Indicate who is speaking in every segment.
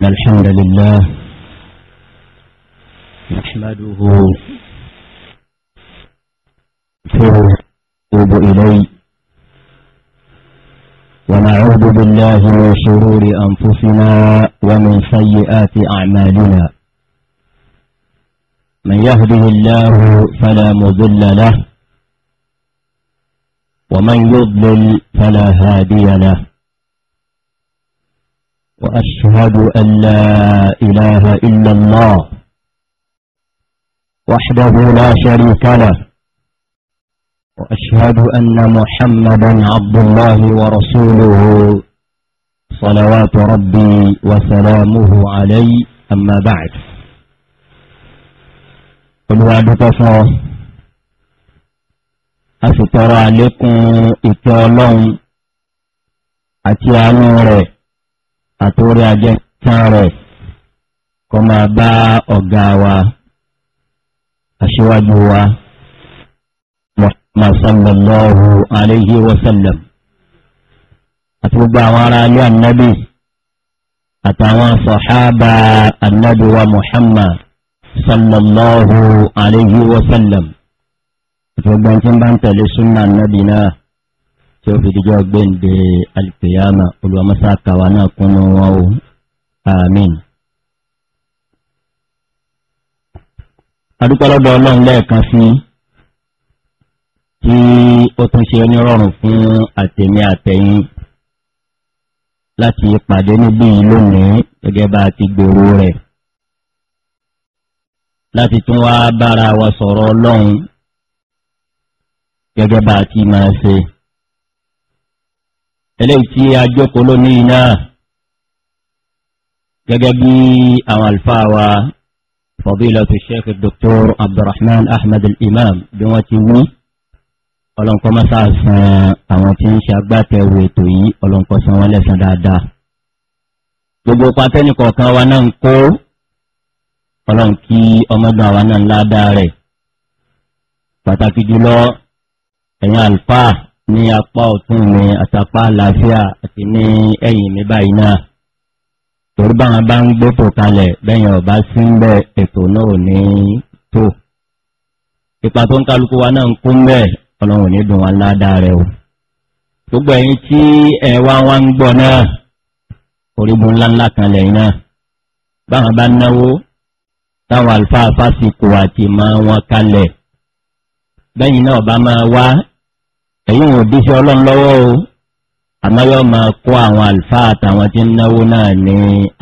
Speaker 1: الحمد لله نحمده ونتوب إليه ونعوذ بالله من شرور أنفسنا ومن سيئات أعمالنا من يهده الله فلا مذل له ومن يضلل فلا هادي له وأشهد أن لا إله إلا الله وحده لا شريك له وأشهد أن محمدا عبد الله ورسوله صلوات ربي وسلامه عليه أما بعد قل وعد ọ a sì tọrọ àlékún ìtẹ àtòrí ajẹ́tàn rẹ̀ kọ́ máa bá ọ̀gá wa aṣíwájú wa muhammad sallallahu alayhi wa sallam àti gbogbo àwọn ará ilé annabi àtàwọn sọ̀hábà annabi wa muhammad sallallahu alayhi wa àti gbogbo ẹni tí ń bá ń tẹ̀lé sunna annabi náà tí ó fi díjọ́ gbẹ́ǹde alìpèyàmà olùwàmọ́sáàkàwà náà kúnnú wọn o amin. adúpọ̀lọ́dọ̀ ọlọ́run lẹ́ẹ̀kan sí tí ó tún ṣe onírọ̀rùn fún àtẹ̀mí àtẹ̀yìn láti pàdé níbí lónìí gẹ́gẹ́ bá ti gbòòrò rẹ̀ láti tún wá bára wa sọ̀rọ̀ ọlọ́run gẹ́gẹ́ bá ti máa ṣe eléyìí tí ajókòó lónìí náà gẹ́gẹ́ bí àwọn àlùfáà wa fadilatu sheikh dr abdulrahman ahmed al-imam bí wọ́n ti wí ọlọ́nkọ́mọ́sá san àwọn tí ń ṣe agbátẹrù ètò yìí ọlọ́nkọ́sán wọn lẹ́sàn dáadáa gbogbo pátẹ́nì kọ̀ọ̀kan wa náà ń kó ọlọ́run ọmọdún àwa náà ńlá dáa rẹ̀ pàtàkì jùlọ ẹ̀yin àlùfáà ní apá ọ̀tún mi àtàpá àlàáfíà àti ní ẹ̀yìn mi báyìí náà torí báwọn bá ń gbétò kalẹ̀ bẹ́yìn ọ̀bá sí ń bẹ́ ètò náà ní tó ipa tó ń kálukú wa náà ń kún bẹ́ẹ̀ ọlọ́run ní dùn wọn ládàá rẹ̀ o gbogbo ẹ̀yin tí ẹ̀ wá wá ń gbọ́ náà orígun ńláńlá kan lẹ́yìn náà báwọn bá náwó táwọn àlùfáà fásitì kò àti máa wọn kalẹ̀ bẹ́yìn náà ọba máa wá èyí wọn bí sí ọlọ́run lọ́wọ́ o àmọ́ yóò máa kó àwọn àlùfáà àtàwọn tí ń náwó náà ní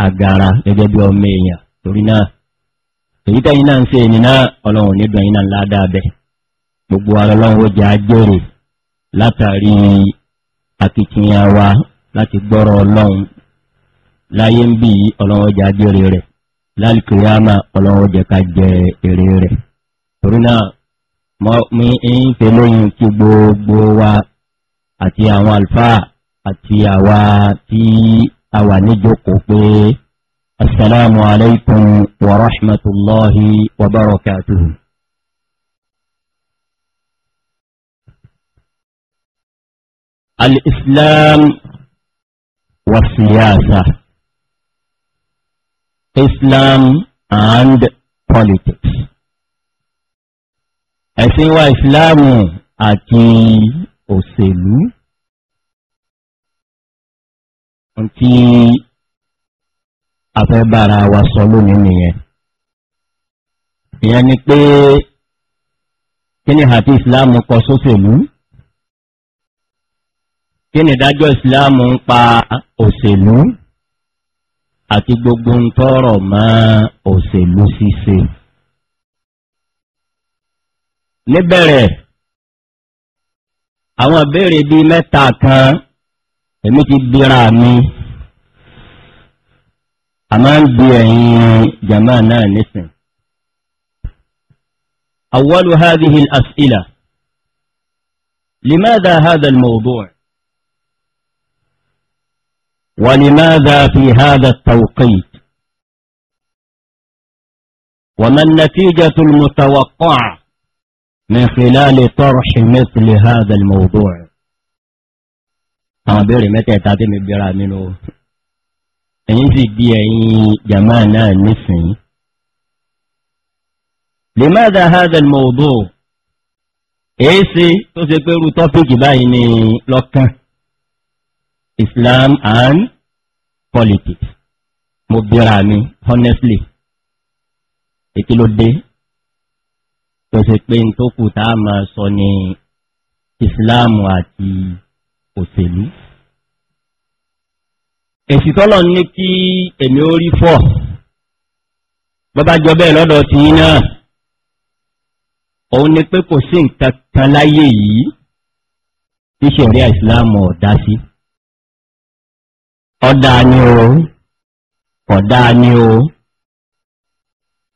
Speaker 1: agara gẹ́gẹ́ bí ọmọ èèyàn torí náà èyí tẹ́yìn náà ń ṣe èyí náà ọlọ́run nígbà yín náà ládàá bẹ̀ gbogbo ọlọ́run ó jẹ́ ajẹ́rè látàrí akitiyan wa láti gbọ́rọ̀ ọlọ́run láyé ń bí ọlọ́run ó jẹ́ ajẹ́rè rẹ̀ lálùkìyàmà ọlọ́run ó jẹ́ ká jẹ èrè rẹ̀ torí náà mi ń pèlè yìí kí gbogbo wa àti àwọn àlùfáà àti àwa tí a wà níjókòó pé
Speaker 2: asalaamu alaykum wa rahmatulahi wa barakatuhu. الإسلام والسياسة إسلام and politics ẹ̀sìn wa ìsìláàmù àti òṣèlú tí afẹ́bára wa sọ lónìí nìyẹn ìyẹn ni pé kí ni àti ìsìláàmù kọ sóṣèlú kí ni ìdájọ́ ìsìláàmù ń pa òṣèlú àti gbogbo ń tọrọ mọ́ òṣèlú ṣíṣe. Si níbẹ̀rẹ̀ àwọn ìbéèrè bíi mẹ́ta kan èmi ti bíra mi
Speaker 1: a máa ń bi ẹ̀yin jama náà nísìn أول هذه الأسئلة لماذا هذا الموضوع
Speaker 2: ولماذا في هذا التوقيت وما النتيجة المتوقعه من خلال طرح مثل هذا الموضوع
Speaker 1: àwọn abẹ́rẹ̀ mẹ́tẹ̀ẹ̀ta tí mi bẹ̀rẹ̀ àmìnú ẹ̀yìn sì bí ẹ̀yìn jama náà nísìn lè máa dá hádẹ̀ mọ̀ọ́dọ̀ èé sí tó ṣe pé ni lọ́kàn Islam and politics mo bẹ̀rẹ̀ àmì honestly èkí ló dé tó ṣe pé tó kù tá a máa sọ ní ìsìláàmù àti òṣèlú èsì tọ́lọ̀ ní kí èmi ó rí fọ́ bọ́bá jọ bẹ́ẹ̀ lọ́dọ̀ ti yí náà
Speaker 2: òun ni pé kò sí nǹkan kan láyé yìí tí ṣẹ̀rí ìsìláàmù ọ̀dá sí ọ̀dá ni o ọ̀dá ni o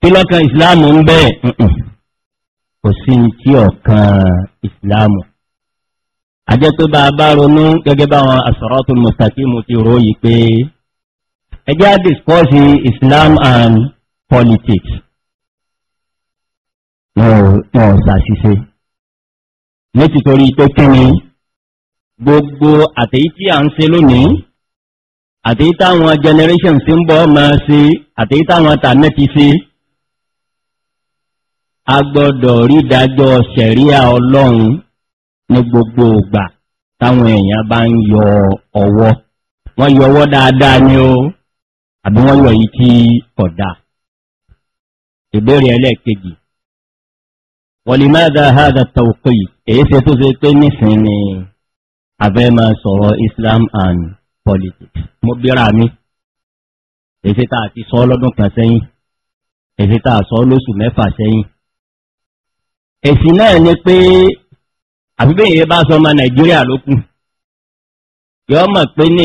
Speaker 2: tí lọ́kàn ìsìláàmù ń bẹ́ẹ̀
Speaker 1: kò sí tí ọ̀kan ìsìláàmù ajẹ́ pé bá a bá ronú gẹ́gẹ́ báwọn asọ̀rọ̀tún mustaqimu ti rò yìí pé ẹjẹ́ á discourse
Speaker 2: islam and politics náà ṣàṣìṣe ní títorí pé kí ni gbogbo àtèyí tí a ń ṣe lónìí àtèyí táwọn generation ti ń bọ́
Speaker 1: máa ṣe àtèyí táwọn tàmẹ́ ti ṣe a gbọ́dọ̀ rí ìdájọ́ sẹ̀ríà ọlọ́run ní gbogbo ògbà táwọn
Speaker 2: èèyàn bá ń yọ ọwọ́ wọ́n yọ ọwọ́ dáadáa ni ó àbí wọ́n yọ yìí kí ọ̀dà ìbéèrè ẹlẹ́ẹ̀kejì wọ̀lìmáàdá hádà èyí ṣe tó ṣe pé ni
Speaker 1: abẹ́ máa sọ̀rọ̀ islam and politics mo bíra mi èyí ṣe tá kan sẹ́yìn èyí ṣe tá a sọ ẹ̀sìn náà ni pé àbíbẹ̀yẹ bá sọ ọmọ nàìjíríà ló kù
Speaker 2: yọ mọ̀ pé ní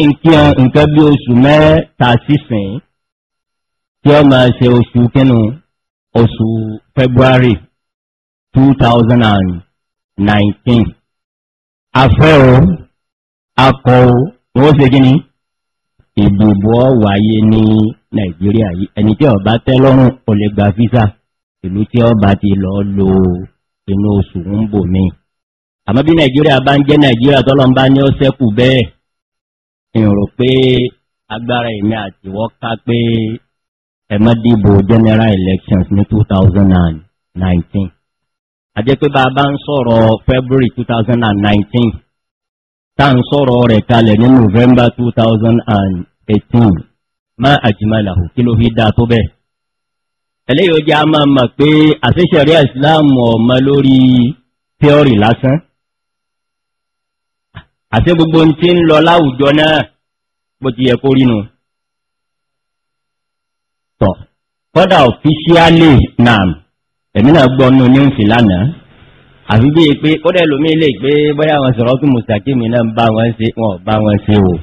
Speaker 2: nǹkan bí oṣù mẹ́ta sísìn tí ọ máa ṣe oṣù kínú oṣù february 2019 afẹ́ o akọ̀ o wọ́n ṣe gíní ìdìbò wáyé ní
Speaker 1: nàìjíríà yìí ẹni tí ọba tẹ́lọ́rùn ò lè gba físà ìlú tí ọba ti lọ lò ó inú oṣù ń bò mí àmọ́ bí nàìjíríà bá ń jẹ́ nàìjíríà tọ́lọ́ bá ní ó sẹ́kù bẹ́ẹ̀ ìrò pé agbára èmi àti wọ́n ká pé ẹ má dìbò general elections ní 2019 àjẹ́ pé bá a bá ń sọ̀rọ̀ february 2019 tá à ń sọ̀rọ̀ rẹ̀ kalẹ̀ ní november 2018 má àjìmọ̀lá kí ló fi dáa tó bẹ́ẹ̀ eléyìí ó jẹ́ a máa mọ̀ pé àṣeṣẹ̀rí ìsìláàmù ọ̀mọ lórí tíọ́rì lásán àṣẹ gbogbo ń ti ń lọ láwùjọ náà bó ti yẹ kó rí nu tọ̀ kọ́dà ọ̀fíṣíálì náà ẹ̀mí náà gbọ́ nù ní òfin lánàá àfi bíi pé ó dẹ̀ lómi lè gbé bóyá àwọn sọ̀rọ̀ kí mùsàkímì náà bá wọn ṣe wọn bá wọn ṣe o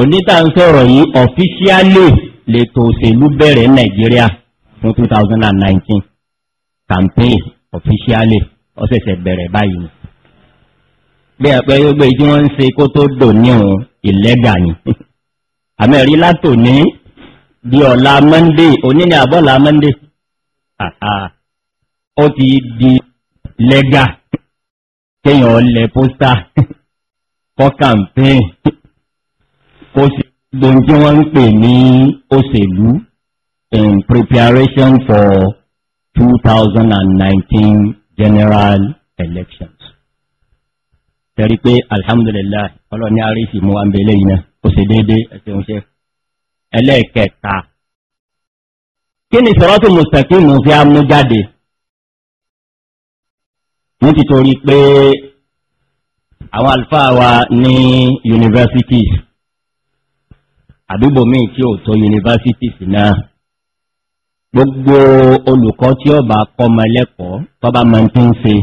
Speaker 1: onítà ń sọ̀rọ̀ yìí ọ̀fíṣíálì lè tòṣèlú bẹ̀rẹ̀ nàìjíríà fún 2019 campaign officially ọ̀sẹ̀sẹ̀ bẹ̀rẹ̀ báyìí ni bí ẹ̀pẹ́ yóò gbé tí wọ́n ń se kó tó dò ní òun ìlẹ́gà ni àmẹ́rí látò ní bí ọ̀la monday onílẹ̀ àbọ́là monday ó ti di lẹ́gà kéèyàn lẹ pósítà kọ́ campaign kó sì gbóhun tí wọ́n ń pè ní òṣèlú in preparation for 2019 general elections. Tẹ̀rí pé alhamdulillah ọlọ́ni àríṣì mú àmbélé iná, ó sì dédé ẹ̀sẹ̀ oúnjẹ. Ẹlẹ́ẹ̀kẹta.
Speaker 2: Kí ni sọ̀rọ̀tù Mùsùlùmí mú fi á jáde? Ní ti pé àwọn alfáà wa
Speaker 1: ní universities, àbíbòmí tí ò tó universities náà gbogbo olùkọ́ tí ó bá kọmọ lẹ́kọ̀ọ́ tó bá máa tí ń se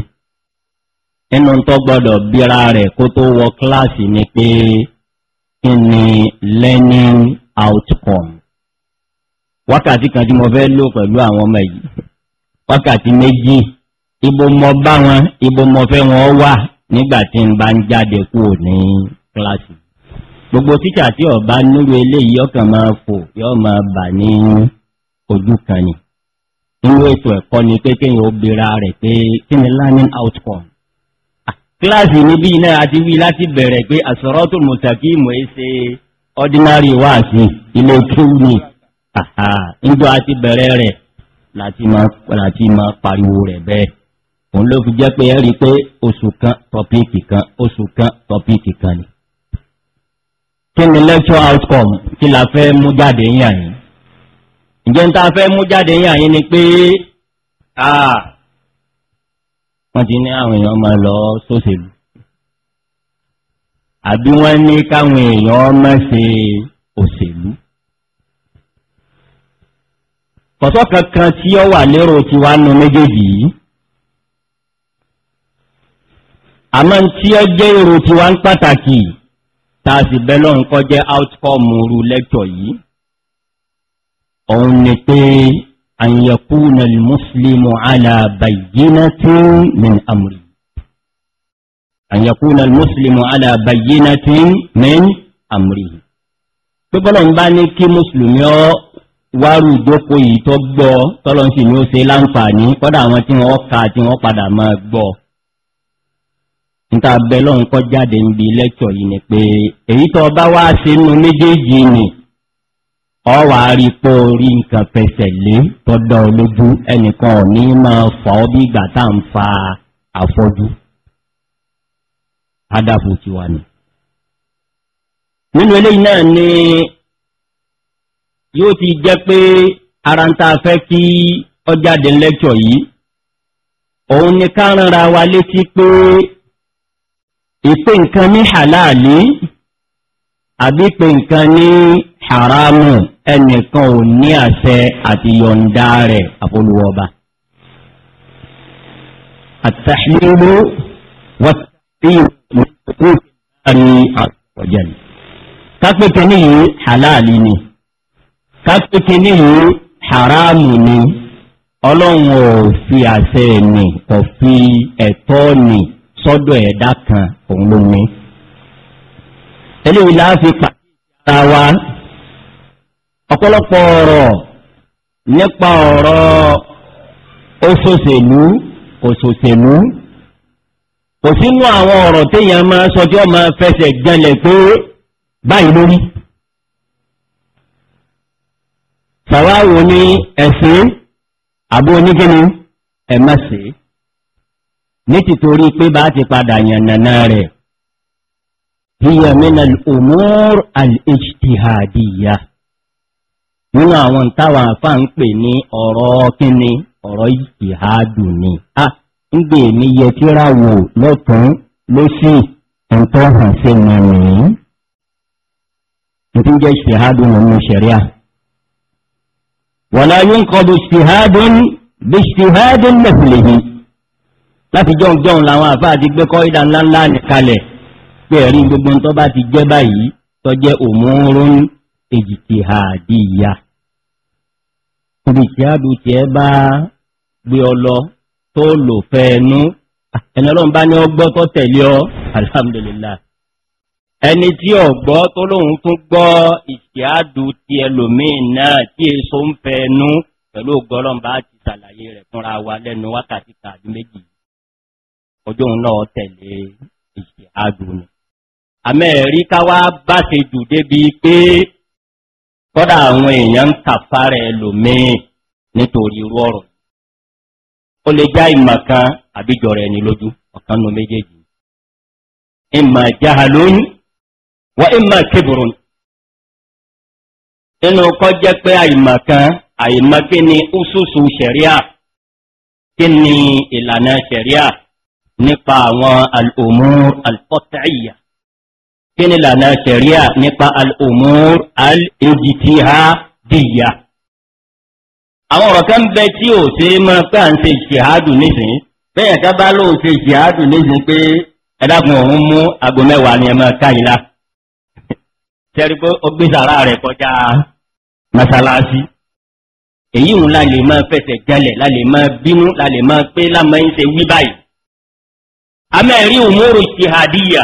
Speaker 1: inú tó gbọ́dọ̀ bíra rẹ̀ kó tó wọ kíláàsì ni pé kí ni learning outcome wákàtí kan tí mo fẹ́ lò pẹ̀lú àwọn ọmọ yìí wákàtí méjì ibo mo bá wọn ibo mo fẹ́ wọn wà nígbà tí n bá ń jáde kúrò ní kíláàsì gbogbo títà tí ọba nílò eléyìí ọkàn máa fò yóò máa bà ní ojú kan ni inú ètò ẹ̀kọ́ ni pé kéèyàn ó bèèrè rẹ̀ pé kí ni learning outcome kíláàsì níbí náà àti wí láti bẹ̀rẹ̀ pé àsọ̀rọ̀ tó mọ̀tàkì mọ̀ é ṣe ordinary wáàsí ilé kíw ni nígbà àti bẹ̀rẹ̀ rẹ̀ láti máa pariwo rẹ̀ bẹ́ẹ̀ òun ló fi jẹ́ pé ẹ rí i pé oṣù kan tọ́píìkì kan oṣù kan tọ́píìkì kan ni kí ni lecture outcome kí la fẹ́ mú jáde yàn yìí ìjẹ́ ta fẹ́ mú jáde yà yí ni pé àà wọ́n ti ní àwọn èèyàn máa lọ sóṣèlú àbí wọ́n ní káwọn èèyàn máa ṣe òṣèlú kọ̀sọ́ kankan tí ó wà lérò ti wá nù méjèèjì yìí àmọ́ tí ó jẹ́ èrò ti wá pàtàkì tá a sì bẹ́ lọ́nkọ́ jẹ́ outcome ru lẹ́kọ̀ọ́ yìí òun ni pé àyẹ̀kúnà mùsùlùmù alábàyínà tí min amri àyẹ̀kúnà mùsùlùmù alábàyínà tí min amri pípọ́lọ̀ ń bá ní kí mùsùlùmí ọ wárú ìjókòó yìí tó gbọ́ tọ́lọ́ sì ní ó ṣe láǹfààní kọ́dà àwọn tí wọ́n ka tí wọ́n padà máa gbọ́ níta bẹ́ẹ̀ lọ́nkọ́ jáde ń bi lẹ́kọ̀ọ́ yìí ni pé èyí tó bá wá sínú méjèèjì nìí ọwà àrípò orí nǹkan fẹsẹ̀ lé tọ́dọ̀ olójú ẹnìkan ní máa fà ọ́ bí ìgbà tá ń fa àfọ́jú adáfò ti wà ní nínú ilé náà ni yóò ti jẹ́ pé ara ń ta fẹ́ kí lẹ́kọ̀ọ́ yìí òun ni ká wa létí pé nǹkan ní àbí nǹkan ní haramu ẹnìkan ò ní àṣẹ àti yọ̀ǹda rẹ̀ àfolúwọ́ba. àtàṣílò wọ́n ní àwọ̀jẹ̀ ni. kápẹ́kẹ́ ní yìí halali ni kápẹ́kẹ́ ní yìí haramu ni ọlọ́run ò fi àṣẹ ni kò fi ẹ̀tọ́ ni sọ́dọ̀ ẹ̀dá kan òun ló ní. eléyìí láàfin pàṣẹ ara wa ọ̀pọ̀lọpọ̀ ọ̀rọ̀ nípa ọ̀rọ̀ òṣòṣèlú òṣòṣèlú kò sínú àwọn ọ̀rọ̀ téèyàn máa sọ tí ó máa fẹsẹ̀ gẹlẹ̀ pé báyìí lórí sàwáwò ní ẹ̀sìn àbó onígínní ẹ̀mẹ́sìn ní tìtorí pé bá ti padà yànnàná rẹ̀ hiya min al-umur al nínú àwọn táwà àfáà ń pè ní ọ̀rọ̀ kíni ọ̀rọ̀ ìhádù ni a ń gbè mí yẹ tí ra wò lọ́tún lóṣì ẹ̀ńtọ́ hàn sí mi nìyí nítorí jẹ́ ìṣèhádù nínú ṣẹ̀ríà
Speaker 2: wọ̀lá yóò ń kọlu ìṣèhádù bí ìṣèhádù lẹ́fìlẹ́yìn
Speaker 1: láti jọ̀hún jọ̀hún làwọn àfáà ti gbé kọ́ ìdá ńláńlá nìkalẹ̀ pé ẹ̀rí gbogbo ń tọ́ bá ti jẹ́ báyìí tọ́jẹ́ òmùúrún ejtihadiyya kùrìsíádù tí ẹ bá gbé ọ lọ tó lò fẹ́ẹ̀nú ẹni ọlọ́run bá ní ọgbọ́ tó tẹ̀lé ọ alhamdulillah ẹni tí ọ̀gbọ́ tó lóhun tún gbọ́ ìsíádù ti ẹlòmíì náà tí èso ń fẹ́ẹ̀nú pẹ̀lú ọgọ́rọ̀ bá ti ṣàlàyé rẹ̀ fúnra wa lẹ́nu wákàtí tàbí méjì
Speaker 2: ọjọ́ òun náà tẹ̀lé ìsíádù àmẹ́ẹ̀rí ká wá bá ṣe jù débi pé kọ́dà àwọn èèyàn ń tàfárẹ̀ lòmíì nítorí irú ọ̀rọ̀ ó lè já ìmọ̀ kan àbíjọ rẹ̀ ní lójú ọ̀kan nu méjèèjì ìmọ̀ jahalóyún wọ́n ìmọ̀ kébùrún nínú kọ́ jẹ́ pé àìmọ̀ kan àìmọ̀ kí ni úsùsù sẹ̀ríà kí ni
Speaker 1: ìlànà sẹ̀ríà nípa àwọn al-umur kí ni lànà ṣẹ̀ríà nípa al'umur al'ejitihadiyya àwọn ọ̀rọ̀ kan bẹ tí ò tí mọ́ pẹ́ à ń ṣe ìṣìhádù nísìn bẹ́yẹ̀ ká bá lóò ṣe ìṣìhádù nísìn pé ẹ̀dàkùn òun mú agbó mẹ́wàá ni ẹmọ káyìlá tẹ́rí pé ó gbé sàrá rẹ̀ kọjá masalasi èyí ń lálẹ́ máa fẹsẹ̀ jalẹ̀ lálẹ́ máa bínú lálẹ́ máa pé lámọ́ ń ṣe wí báyìí amẹ́rí òmùrù ìṣìhádìyà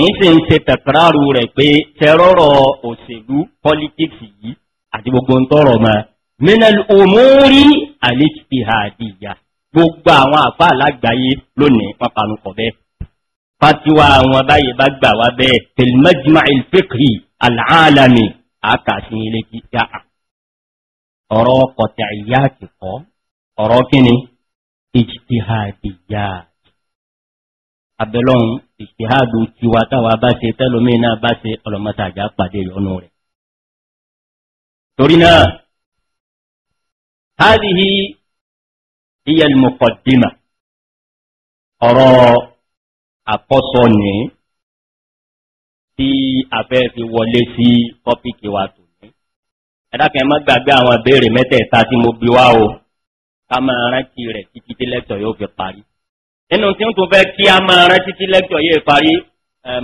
Speaker 1: èyí sì ń ṣe tẹ̀kọ́rárù rẹ̀ pé tẹ́rọ̀rọ̀ òṣèlú politics yìí àti gbogbo ń tọrọ mọ́ minal omori alistihadiya gbogbo àwọn àfa alágbàáyé lónìí wọn panu kọ bẹ́ẹ̀ fatiwa àwọn báyìí bá gbà wá bẹ́ẹ̀ tẹlifíjìmá ìfikiri alaalami àkàsí ilé kíkà
Speaker 2: ọ̀rọ̀ kọ̀tà ìyá ti kọ́ ọ̀rọ̀ kíni ìjìtìhàdìyà abẹ́lọ́hún ìṣèhádù tiwa táwa bá ṣe tẹ́lómi náà bá ṣe ọlọ́mọtàjà pàdé ìyọnu rẹ̀. torí náà hádìhí iyẹlmọ̀kọ̀dìmà ọ̀rọ̀ àkọ́sọ ní tí abẹ́ wọlé sí tọ́pìkì wa tò ní.
Speaker 1: ẹ̀dákẹ́ má gbàgbé àwọn ìbéèrè mẹ́tẹ̀ẹ̀ta tí mo bi wá o ká máa rántí rẹ̀ títí délẹ́tọ̀ yóò fi parí nínú tí ń tún fẹ́ kí a máa rán títí lẹ́kítọ̀ yìí parí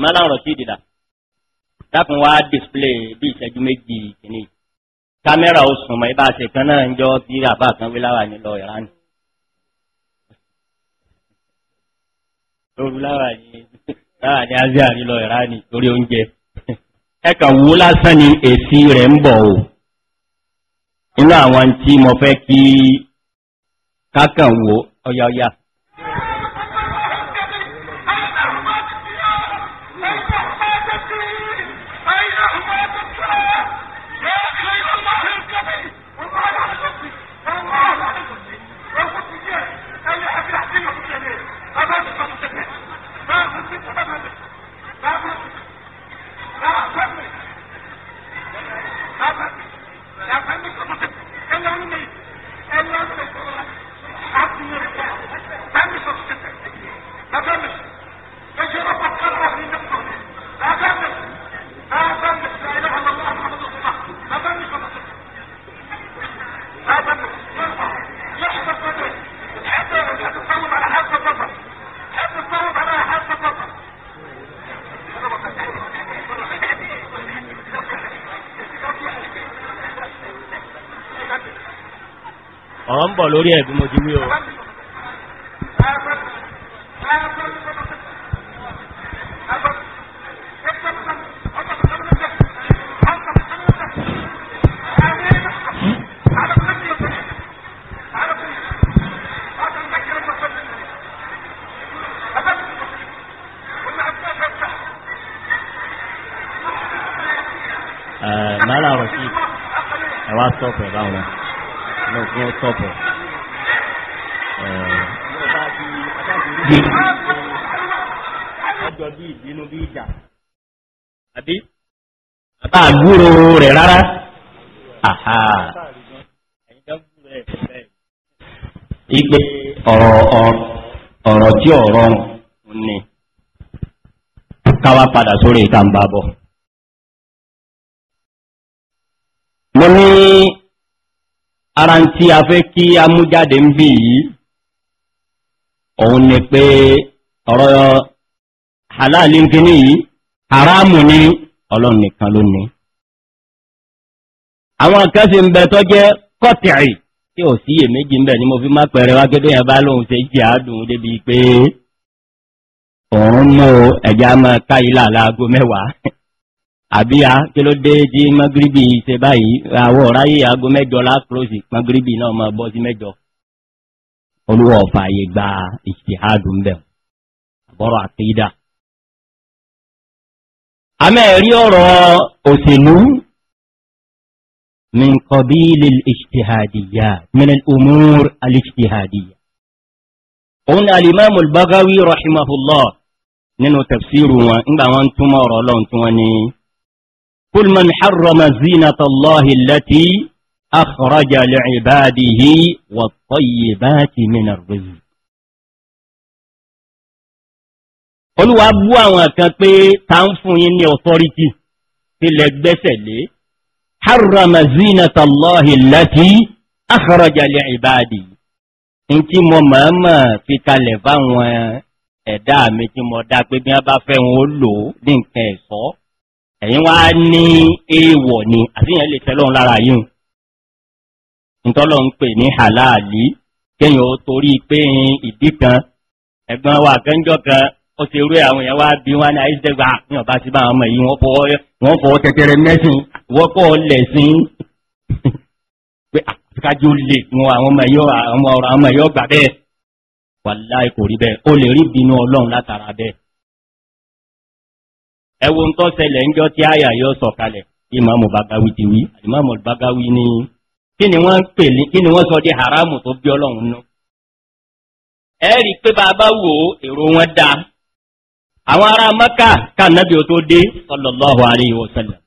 Speaker 1: mọ́láwọ̀n sí ìdìdà dákun wá display bí ìṣẹ́jú méjì kìíní kámẹ́rà ó sùn mọ́ ibà ṣe kan náà ń jọ bí àbá kan wí láwà nílọ ìran. lóru láwà ní láwà ní asia nílọ ìran ní torí oúnjẹ ẹ kàn wú lásán ni èsì rẹ̀ ń bọ̀ o inú àwọn tí mo fẹ́ kí kákan wò ọ̀yà ọ̀yà. ọ̀rọ̀ ń bọ̀ lórí ẹ̀ mo ti wí o. gbúrò rẹ̀ rárá.
Speaker 2: ipe ọ̀rọ̀ ọ̀rọ̀ tí ọ̀rọ̀ ni káwá padà sórí ìta ń bá bọ̀. mo ní ara ń tí a fẹ́ kí a ń bì yìí òun ni pé ọ̀rọ̀ halal ń kíní yìí haramu ní ọlọ́run nìkan ló ní àwọn kan
Speaker 1: sì ń bẹ tó jẹ́ kọ́tìrì tí ò síyè méjì ń bẹ ni mo fi má pẹ̀rẹ̀ wá gẹ́gẹ́ yẹn bá lóun ṣe jẹ́ àádùn débi pé òun mú ẹ̀já mọ́ káyílà láago mẹ́wàá àbí kí ló dé tí magribi ṣe báyìí àwọ̀ ráyè
Speaker 2: aago mẹ́jọ lákúròsì magribi náà máa bọ́ sí mẹ́jọ olúwa ọ̀fààyè gba ìṣèhádùn ń bẹ̀ àbọ̀rọ̀ àkídà àmẹ́ẹ̀rí ọ̀rọ̀ òṣèlú من قبيل الاجتهاديات من الأمور الاجتهادية
Speaker 1: هنا الإمام البغوي رحمه الله ننو تفسير إن أنتم ورلونتوني كل من حرم زينة الله التي
Speaker 2: أخرج لعباده والطيبات من الرزق قلوا أبوا àwọn kan pé في ń authority حرم زينة
Speaker 1: الله التي أخرج li ibadi in في mo mama fi kalẹ̀ bá wọn ẹ̀dá mi tí mo dá pé bí wọ́n bá fẹ́ wọn ó lò ó ní nǹkan ẹ̀sọ́ ẹ̀yin wá ní èèwọ̀ ni àfihàn lè tẹ́lọ́run lára yìí nítọ́lọ́ ń pè ní halali kéèyàn ó torí pé ìdí kan ẹ̀gbọ́n wa kẹ́ńjọ́ kan ó ti rú àwọn èèyàn wá bí wọn ní àìsídẹ́gbà ní ọba ti bá ọmọ yìí fọwọ́ wọ́n mẹ́sìn wọ́pọ̀ lẹ̀sìn
Speaker 2: pé àtikájú ah, lè wọn àwọn ọmọ yìí ọ̀rọ̀ àwọn ọmọ yìí bẹ́ẹ̀ wà láì kò rí ó lè rí látara
Speaker 1: ẹ wo ṣẹlẹ̀ ni sọ di haramu tó bí ọlọ́run ẹ
Speaker 2: rí i pé wọn dáa àwọn ará maka ká nábi ò tó dé sallallahu alayhi wa sallam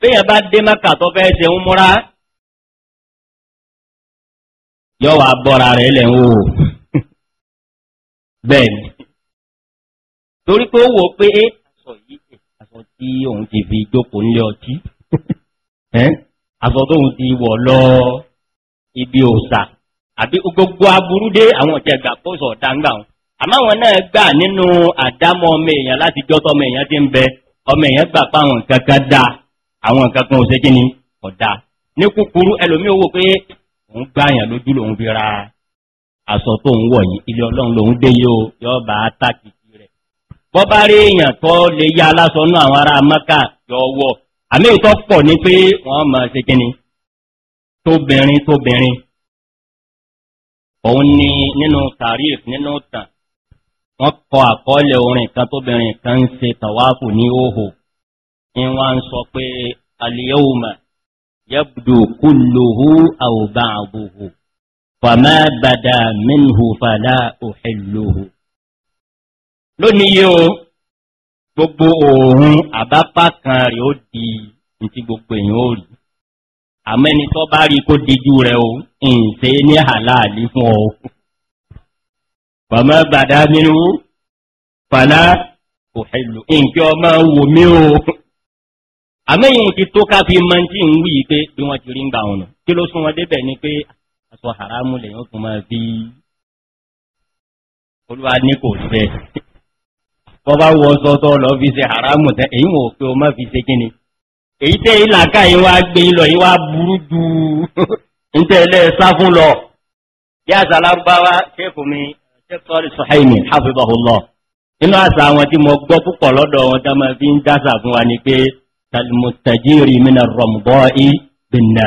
Speaker 2: bẹ́yàn bá dé maka tó fẹ́ ṣe ń múra yọ wà bọ́ra rẹ̀ lẹ̀ ń wò bẹ́ẹ̀ ni torí pé ó wò pé é eh, aṣọ yìí aṣọ tí òun ti fi jókòó nílé ọtí aṣọ
Speaker 1: tóun ti wọ̀ lọ ibi òòsà àbí gbogbo aburú dé àwọn ọ̀tẹ̀ gbà kó wọn. àmáwọn náà gbà nínú àdámọ́ ọmọ èèyàn láti jọ́ tọ́mọ èèyàn ti ń bẹ ọmọ èèyàn gbà páwọn nǹkan kan dá àwọn nǹkan kan ò ṣe kíni ọ̀dá ní kúkúrú ẹlòmíì owó pé òun lójú lòun fi ra aṣọ tó ń wọ̀ yìí ilé ọlọ́run lòun dé yóò yọba tákìtì rẹ̀ bọ́ bá rí èèyàn tó lè
Speaker 2: yá aláṣọ náà àwọn ará yọ àmì ìtọ́ pọ̀ ni nínú tàríf nínú wọ́n kọ àkọọ́lẹ̀ orin kan tóbìnrin kan ń se
Speaker 1: tàwáàfù ní òhò ní wọ́n ń sọ pé aliyahuma yabdu
Speaker 2: kulluhu àwòbá àbòhò fàmà bàdà minhu fàlà òhèlòhò. lónìí yóò gbogbo òòrùn àbápá kan rẹ̀ ó di ntí gbogbo èèyàn ó rí
Speaker 1: àmẹ́ni tó bá rí kó dijú rẹ̀ o ǹṣe ní àlàálí fún
Speaker 2: ọ fàmá bàdá nínú fàlá òhèlò nǹkẹ́ ọmọ wò mí o àmẹ́yìn ti tó ká fi máa tí ń wí pé bí wọ́n
Speaker 1: ti rí ń gbà ọ̀nà kí ló sún wọn débẹ̀ ni pé aṣọ haramu lèyàn tún máa fi olúwa ní kò fẹ́ bọ́ bá wọ ọsọ tó fi ṣe haramu tẹ èyí wò pé o má fi ṣe kíni èyí tẹ́ ìlàkà yìí wá gbé lọ yìí wá burú ju ń tẹ́lẹ̀ sá fún lọ bí àṣà lárúbáwá ṣéèkù mi ṣẹ́kọ́rì sọ̀háìmì hafibahulọ́ inú àṣà àwọn tí mo gbọ́ púpọ̀ lọ́dọ̀ wọn tá máa fi ń dásà fún wa ni pé talimutajiri mina rọ̀mbọ́ i bìnà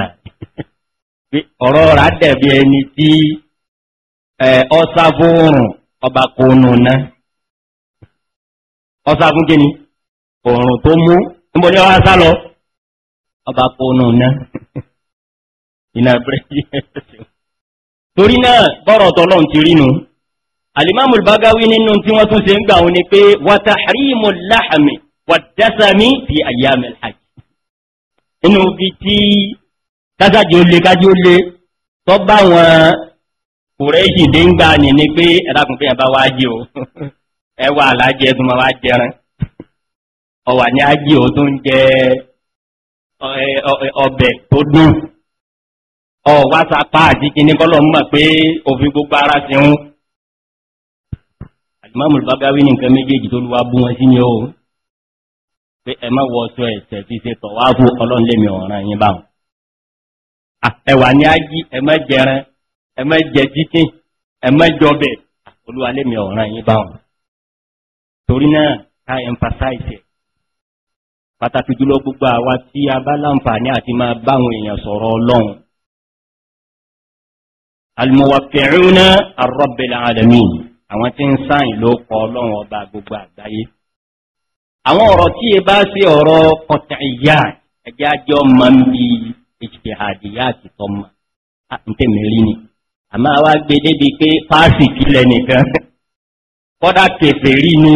Speaker 2: ọ̀rọ̀ rà dẹ̀bi ẹni tí ọ̀sáfóòrùn ọba kónú náà ọ̀sáfún kí ni òòrùn tó mú níbo ni ọ̀há sálọ ọba kónú náà ìnà torí náà bọ́rọ̀ tọ́lọ́run ti rí nu
Speaker 1: alimamu bagawi nínú tí wọ́n tún ṣe ń gbà wọn ni pé wàtàrímù láhàmì wàdásàmì fi àyàmì hajj inú bí tí kásájì ó lé kájí ó lé tó bá wọn kùrẹ́jì dé ń gbà ní ni pé ẹ̀dàkùnfẹ́ yẹn bá wá jẹ o ẹ wà lájẹ tó máa wá jẹran ọwà ní ajé o tó jẹ ọbẹ̀ tó dùn ọwà sapá àti kìnnìkọ́lọ́ mọ̀ pé òfin gbogbo ara ti ń
Speaker 2: ìmáàmù bàgáwí ní nǹkan méjèèjì tó lúwa bú wọn sí ni ó pé ẹ má wọ ọsọ ẹsẹ fi ṣe tọ wá fún ọlọ́nlẹ́mì ọ̀ràn yín báwọn ẹwà ní ájí ẹ má jẹran ẹ má jẹ jíkín ẹ má
Speaker 1: jọbẹ olúwalẹ́mì ọ̀ràn yín báwọn torí náà ká emphasize
Speaker 2: pàtàkì jùlọ gbogbo àwa tí a bá láǹfààní àti máa báwọn èèyàn sọ̀rọ̀ ọlọ́run almuwafi'una arọ́bẹ̀lẹ̀ alamin àwọn tí ń sáyìn ló kọ ọlọ́run ọba gbogbo àgbáyé
Speaker 1: àwọn ọ̀rọ̀ tí e bá sí ọ̀rọ̀ kọta ìyá ẹjẹ́ ajọ́ máa ń bi ìṣèhàdì ìyá àti tọmọ ntẹ̀mí rí ni àmọ́ àwa gbé débi pé páàsì kílẹ̀ nìkan kọ́dà kẹfẹ́ rí ni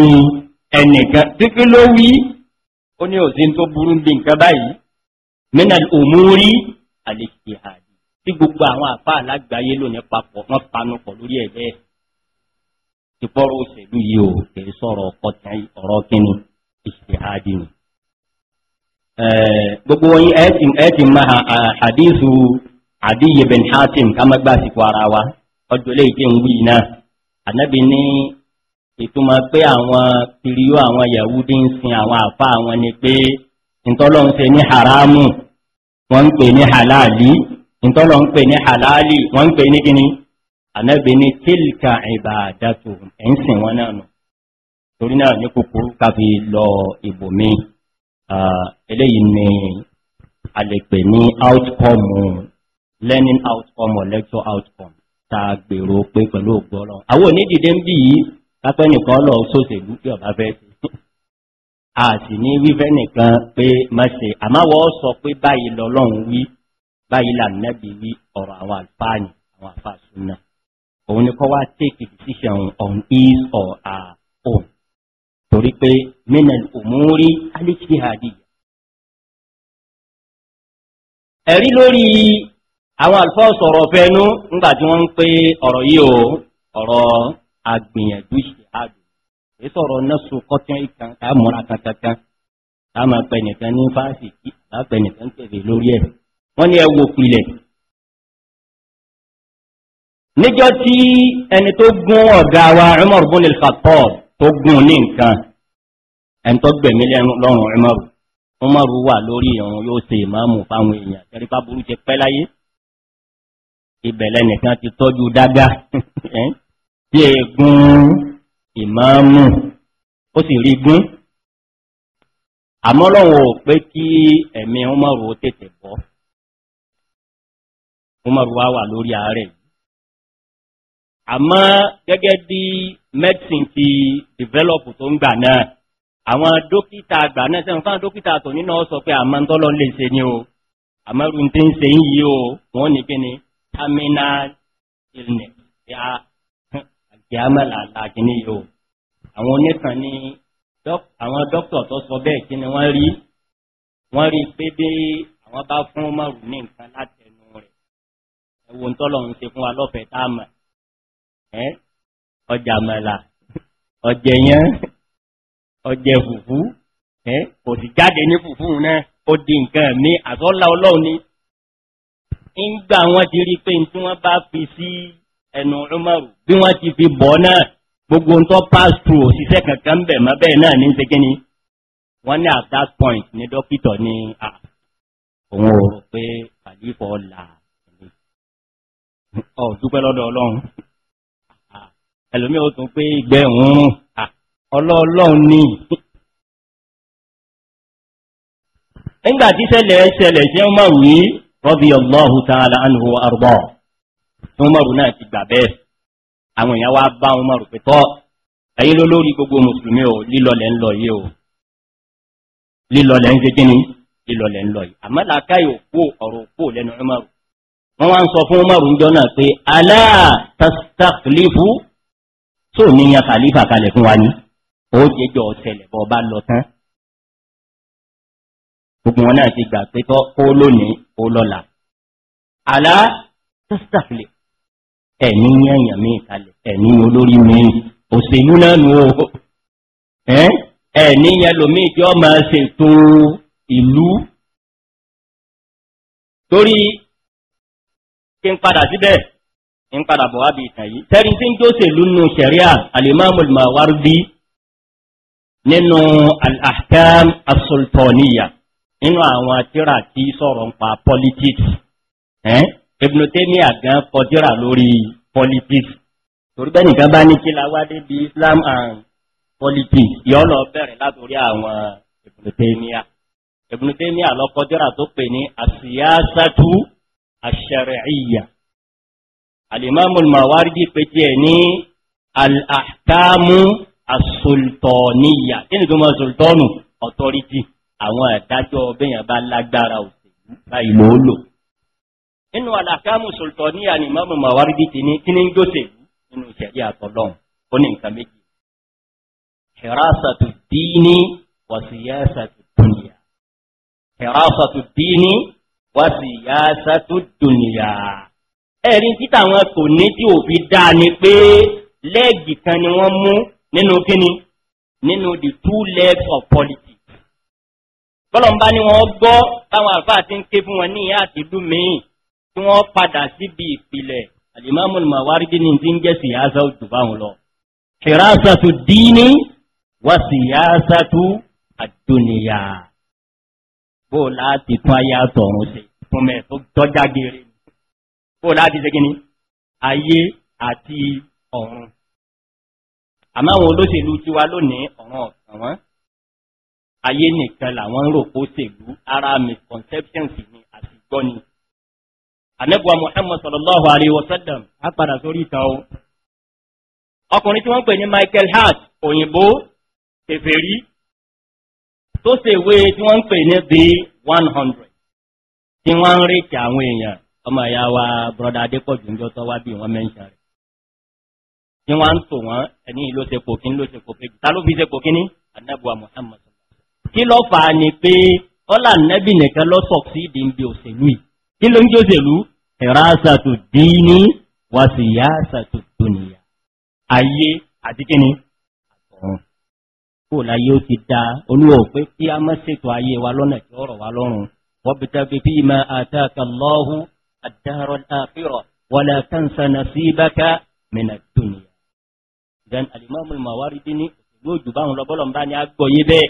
Speaker 1: ẹnìkan títí ló wí ó ní òsín tó burú bí nǹkan báyìí
Speaker 2: mínà òmúrí
Speaker 1: àlèṣèhàdì tí gbogbo àwọn àfáà lágbàáyé lónìí papọ̀ wọ́n panu pọ̀ lórí ẹ̀ bẹ́ẹ̀ ti bọ́rọ̀ òṣèlú yìí ò kìí sọ̀rọ̀ ọ̀tá ọ̀rọ̀ kíni ìṣèhádì ni. gbogbo wọn ẹ ti máa àdíṣù àdíyẹ ben hatim ká mọ́gbà síkò ara wa ọjọ́ lè jẹ́ ìwú iná ànábì ní ìtumọ̀ pé àwọn piriyo àwọn yahudi ń sin àwọn àfa àwọn ni pé ìtọ́lọ́ ń se ní haramu wọ́n ń pè ní halali ìtọ́lọ́ ń pè ní halali wọ́n ń pè ní kíni ànábì ní tílkà ìbàdàtò ẹ̀ǹsìn wọn náà nù torí náà ní kúkúrú káfí lọ ìbòmí eléyìí ni a lè pè ní outcome learning outcome or lecture outcome ta gbèrò pé pẹ̀lú ògbọ́lọ̀ àwọn onídìdé ń bí yìí kápẹ́ nìkan lọ sóṣèlú tí ọba fẹ́ sí a sì ní wífẹ́ nìkan pé má ṣe àmáwọ́ sọ pé báyìí lọ́lọ́run wí báyìí lànàbí wí ọ̀rọ̀ àwọn àlùfáàyàn àwọn àfáàsùn náà òun ni kọ́ wá take
Speaker 2: a decision on his or her own torí pé minel omori alikihadi ẹ̀rí lórí àwọn àlùfáà sọ̀rọ̀ fẹ́nu ńgbà tí wọ́n ń pé ọ̀rọ̀ yìí o ọ̀rọ̀
Speaker 1: agbìyànjú ìṣèhádùn èyí sọ̀rọ̀ nẹ́sù kọ́tẹ́ ìkan ká múra kankankan
Speaker 2: ká máa pẹ̀ nìkan ní fásitì lápẹ̀ nìkan tẹ̀lé lórí ẹ̀ wọ́n níjọ́ tí ẹni tó gún ọ̀gá wa Umar ibn al-Khattab tó gún ní nǹkan ẹni tó gbẹ̀mí
Speaker 1: lọ́rùn Umar Umar wà lórí ìrun yóò ṣe ìmáàmù fáwọn èèyàn tẹ́rípá burú ti
Speaker 2: pẹ́ láyé ìbẹ̀lẹ̀ nìkan ti tọ́jú dágá tí è gún ìmáàmù ó sì rí gún àmọ́ pé kí ẹ̀mí Umar tètè bọ́ Umar wà lórí àárẹ̀ àmọ́ gẹ́gẹ́ bí medicine ti develop tó ń gbà náà àwọn
Speaker 1: dókítà àgbà náà sẹ́wọ̀n fáwọn dókítà tó nínú ọ sọ pé àmọ́ ńtọ́lọ́ lè ṣe ni o àmọ́ ru ti ń ṣe yìí o wọ́n ní kíni terminal illness ya àgbéyàmọ́ làlá kíní yìí o àwọn oníkan ní àwọn dókítà tó sọ bẹ́ẹ̀ kí ni wọ́n rí wọ́n rí pé bí àwọn bá fún mọ́rù ní nǹkan
Speaker 2: látẹnu rẹ̀ ẹ̀wọ̀n tọ́lọ́ ń ṣe fún wa lọ́fẹ̀ẹ́ tá a mọ̀ ọjà mẹ́la ọjẹ̀ yẹn ọjẹ̀ fùfú
Speaker 1: kò sì jáde ní fùfú náà ó di nǹkan mi àtọ́lá ọlọ́run ni ńgbà wọn ti rí pé tí wọ́n bá fi sí ẹnu ọmọrù bí wọ́n ti fi bọ̀ náà gbogbo ń tọ́ pass through òṣìṣẹ́ kankan ń bẹ̀ mọ́ bẹ́ẹ̀ náà ní ṣẹ́kíní
Speaker 2: wọ́n ní at that point ní dókítọ̀ ní à òun ò rò pé àlífọ́ là ọ̀dúpẹ́ lọ́dọ̀ ọlọ́run ẹlòmí ó tún pé ìgbẹ́ òun ọlọ́ọ̀lọ́un ní ẹgbà tí ṣẹlẹ̀ ṣẹlẹ̀ ṣe ọmọ wí rọ́bí ọlọ́hù tààlà ánùhù àrùbọ̀ tí wọ́n mọ̀rù náà ti gbà bẹ́ẹ̀ àwọn èèyàn
Speaker 1: wá bá wọn mọ̀rù pẹ̀tọ́ ẹ̀yí ló lórí gbogbo mùsùlùmí ò lílọlẹ̀ ń lọ yìí ò lílọlẹ̀ ń ṣe kí lílọlẹ̀ ń lọ yìí àmọ́ làákàyè òkú ọ̀rọ̀ òkú lẹ́nu ọmọ wọ́n wá ń sọ fún mọ̀rù ń jọ náà pé aláà tastaqlifu
Speaker 2: tó ní yan kàlífà kalẹ̀ fún wa ní ó jẹjọ ọ̀sẹ̀lẹ̀ bọ́ bá lọ tán gbogbo wọn náà ti gbà pé tọ́ ó lónìí ó lọ́la àlá tẹ́sítàfilẹ̀ ẹ̀ní yẹ̀yàn míì kalẹ̀ ẹ̀ní olórí míì òṣèlú náà nù ó ẹ̀ní yẹn lòmíì tí ó máa ṣètò ìlú torí kí n padà síbẹ̀ ń padà bọ̀ wá bí ìtàn yìí tẹ́rí tí ń jóṣèlú nù sẹ̀ríà alimamul mawardi nínú al-ahkam
Speaker 1: as-sultaniya nínú àwọn tíra tí sọ̀rọ̀ ń pa politics ibn taymiya gan kọjíra lórí politics torí bẹ́ẹ̀ nìkan bá ní kí la wá dé bí islam and politics yọ́ lọ bẹ̀rẹ̀ látòrí àwọn ibn taymiya ibn taymiya lọ kọjíra tó pè ní asiyasatu ash-shar'iyya alimamul mawardi pé tí ẹ e ní al'ahkamu asultaniya kí ni tó mọ́ sultanu authority àwọn àdájọ́ bẹ́yàn bá lágbára òṣèlú báyìí ló lò nínú al'ahkamu sultaniya ni imamul mawardi ti ní kí ni ń gbóṣèlú nínú ìṣẹ̀lẹ̀
Speaker 2: àtọ́lọ́run ó ní nǹkan méjì hirasatu dini wa siyasatu hirasatu dini wa siyasatu
Speaker 1: ẹ̀rin títà wọn kò ní tí ò fi dá ni pé lẹ́ẹ̀gì kan ni wọ́n mú nínú kíni nínú the two legs of politics bọ́lọ̀mbá ni wọ́n gbọ́ táwọn àfáà ti ń ké fún wọn ní ìyá àti ìlú míì tí wọ́n padà síbi ìpìlẹ̀ alimami mawaridi ni ti ń jẹ́ siyasa ojú báwọn lọ firasatu diini wa siyasatu aduniya bó láti
Speaker 2: tún ayé àtọ̀run ṣe
Speaker 1: fún mẹ́ẹ̀ tó tọ́jà
Speaker 2: geere ó láti ṣe kíni ayé àti ọ̀run àmọ́ àwọn olóṣèlú tiwa lónìí ọ̀run ọ̀sán wọn ayé nìkan làwọn ń rò kó ṣèlú ara misconceptions ni àti gbọ́ni anabuwa muhammad sallallahu alayhi wa sallam á padà sórí ìtàn o ọkùnrin tí wọ́n pè ní michael hart òyìnbó tèfèrí tó ṣèwé tí wọ́n pè ní the one hundred tí wọ́n ń rèkì àwọn
Speaker 1: èèyàn ọmọ ìyá wa broda adépọ̀jù ńjọ tó wá bí wọ́n mẹ́ńṣà rẹ̀ ni wọ́n ń tò wọ́n ẹni ló ṣe kò kíní ló ṣe kò kejì ta ló fi ṣe kò kíní anábùwà muhammad kí ló fà á ni pé ọlà nẹ́bì nìkan ló sọ sí ìdí ń bi òṣèlú yìí kí ló ń jẹ́ òṣèlú ìrásàtò díínì wà sí yásàtò dùnìyà ayé àti kíni kó láyé ó ti da olúwa pé kí a má ṣètò ayé wa lọ́nà tí الدار الآخرة ولا تنس نصيبك من الدنيا then الإمام المواردي ni yóò jù báwọn lọ́bọ́lọ́n bá ní agbóyé bẹ́ẹ̀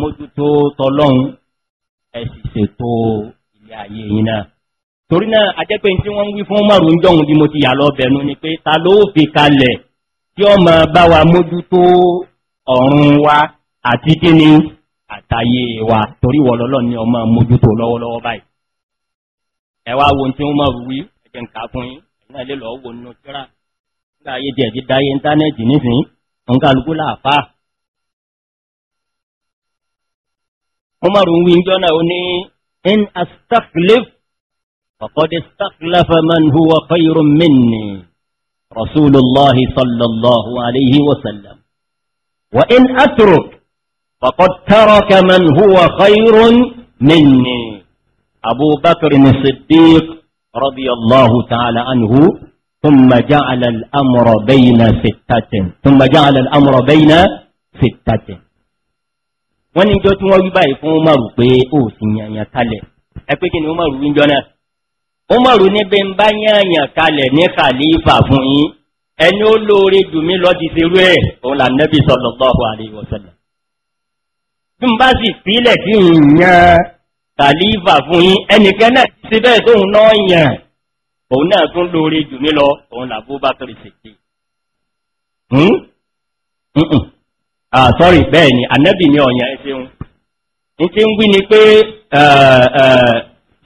Speaker 1: mójútó tọlọ́hun ẹ̀sì ṣètò ilé ayé yìí náà torí náà ajẹ́pẹ́ tí wọ́n ń wí fún márùn-ún jọun bí mo ti yà lọ́bẹ̀ẹ́nu ni pé ta ló fi kalẹ̀ tí ó ma bá wa mójútó ọ̀run wa àti kíni àtayé wa torí wọ̀lọ́lọ́ ni ọmọ mójútó lọ́wọ́lọ́wọ́ báyìí ẹwà wo tí wọ́n máa wí ẹ̀jẹ̀ nǹkan fún yín náà lè lọ́ọ́ wo nínú tíra nígbà ayé díẹ̀ ti dáyé íńtánẹ́ẹ̀tì nísìnyí nǹkan àlùkò làáfà. wọ́n máa rún wí ń jọ́nà ó ní in astaflif فقد استخلف من هو خير مني رسول الله صلى الله عليه وسلم وإن أترك فقد ترك من هو خير مني abubakar ni siddiq radiyallahu ta'ala anhu ثم جعل الأمر بين ستة ثم جعل الأمر بين ستة wọ́n ní jọ tí wọ́n wí báyìí fún umaru pé ó sì yànyàn kalẹ̀ ẹgbẹ́ kí ni umaru wí jọ náà umaru ní bí n bá yànyàn kalẹ̀ ní khalifa fún yín ẹni ó lóore jù mí lọ ti ṣe rú ẹ̀ òun là nẹ́bí sọ̀lọ́gbọ́ àríwọ̀sẹ̀lẹ̀ bí n bá sì sílẹ̀ sí ìyàn kàlífà fún yín ẹnìkan náà ti bẹ́ẹ̀ tóun náà yàn òun náà tún lórí jù mí lọ òun làbó bá kiri sèké. sọ́rí bẹ́ẹ̀ ni ànábì ni ọ̀yàn ẹ ṣeun ní ti ń wí ni pé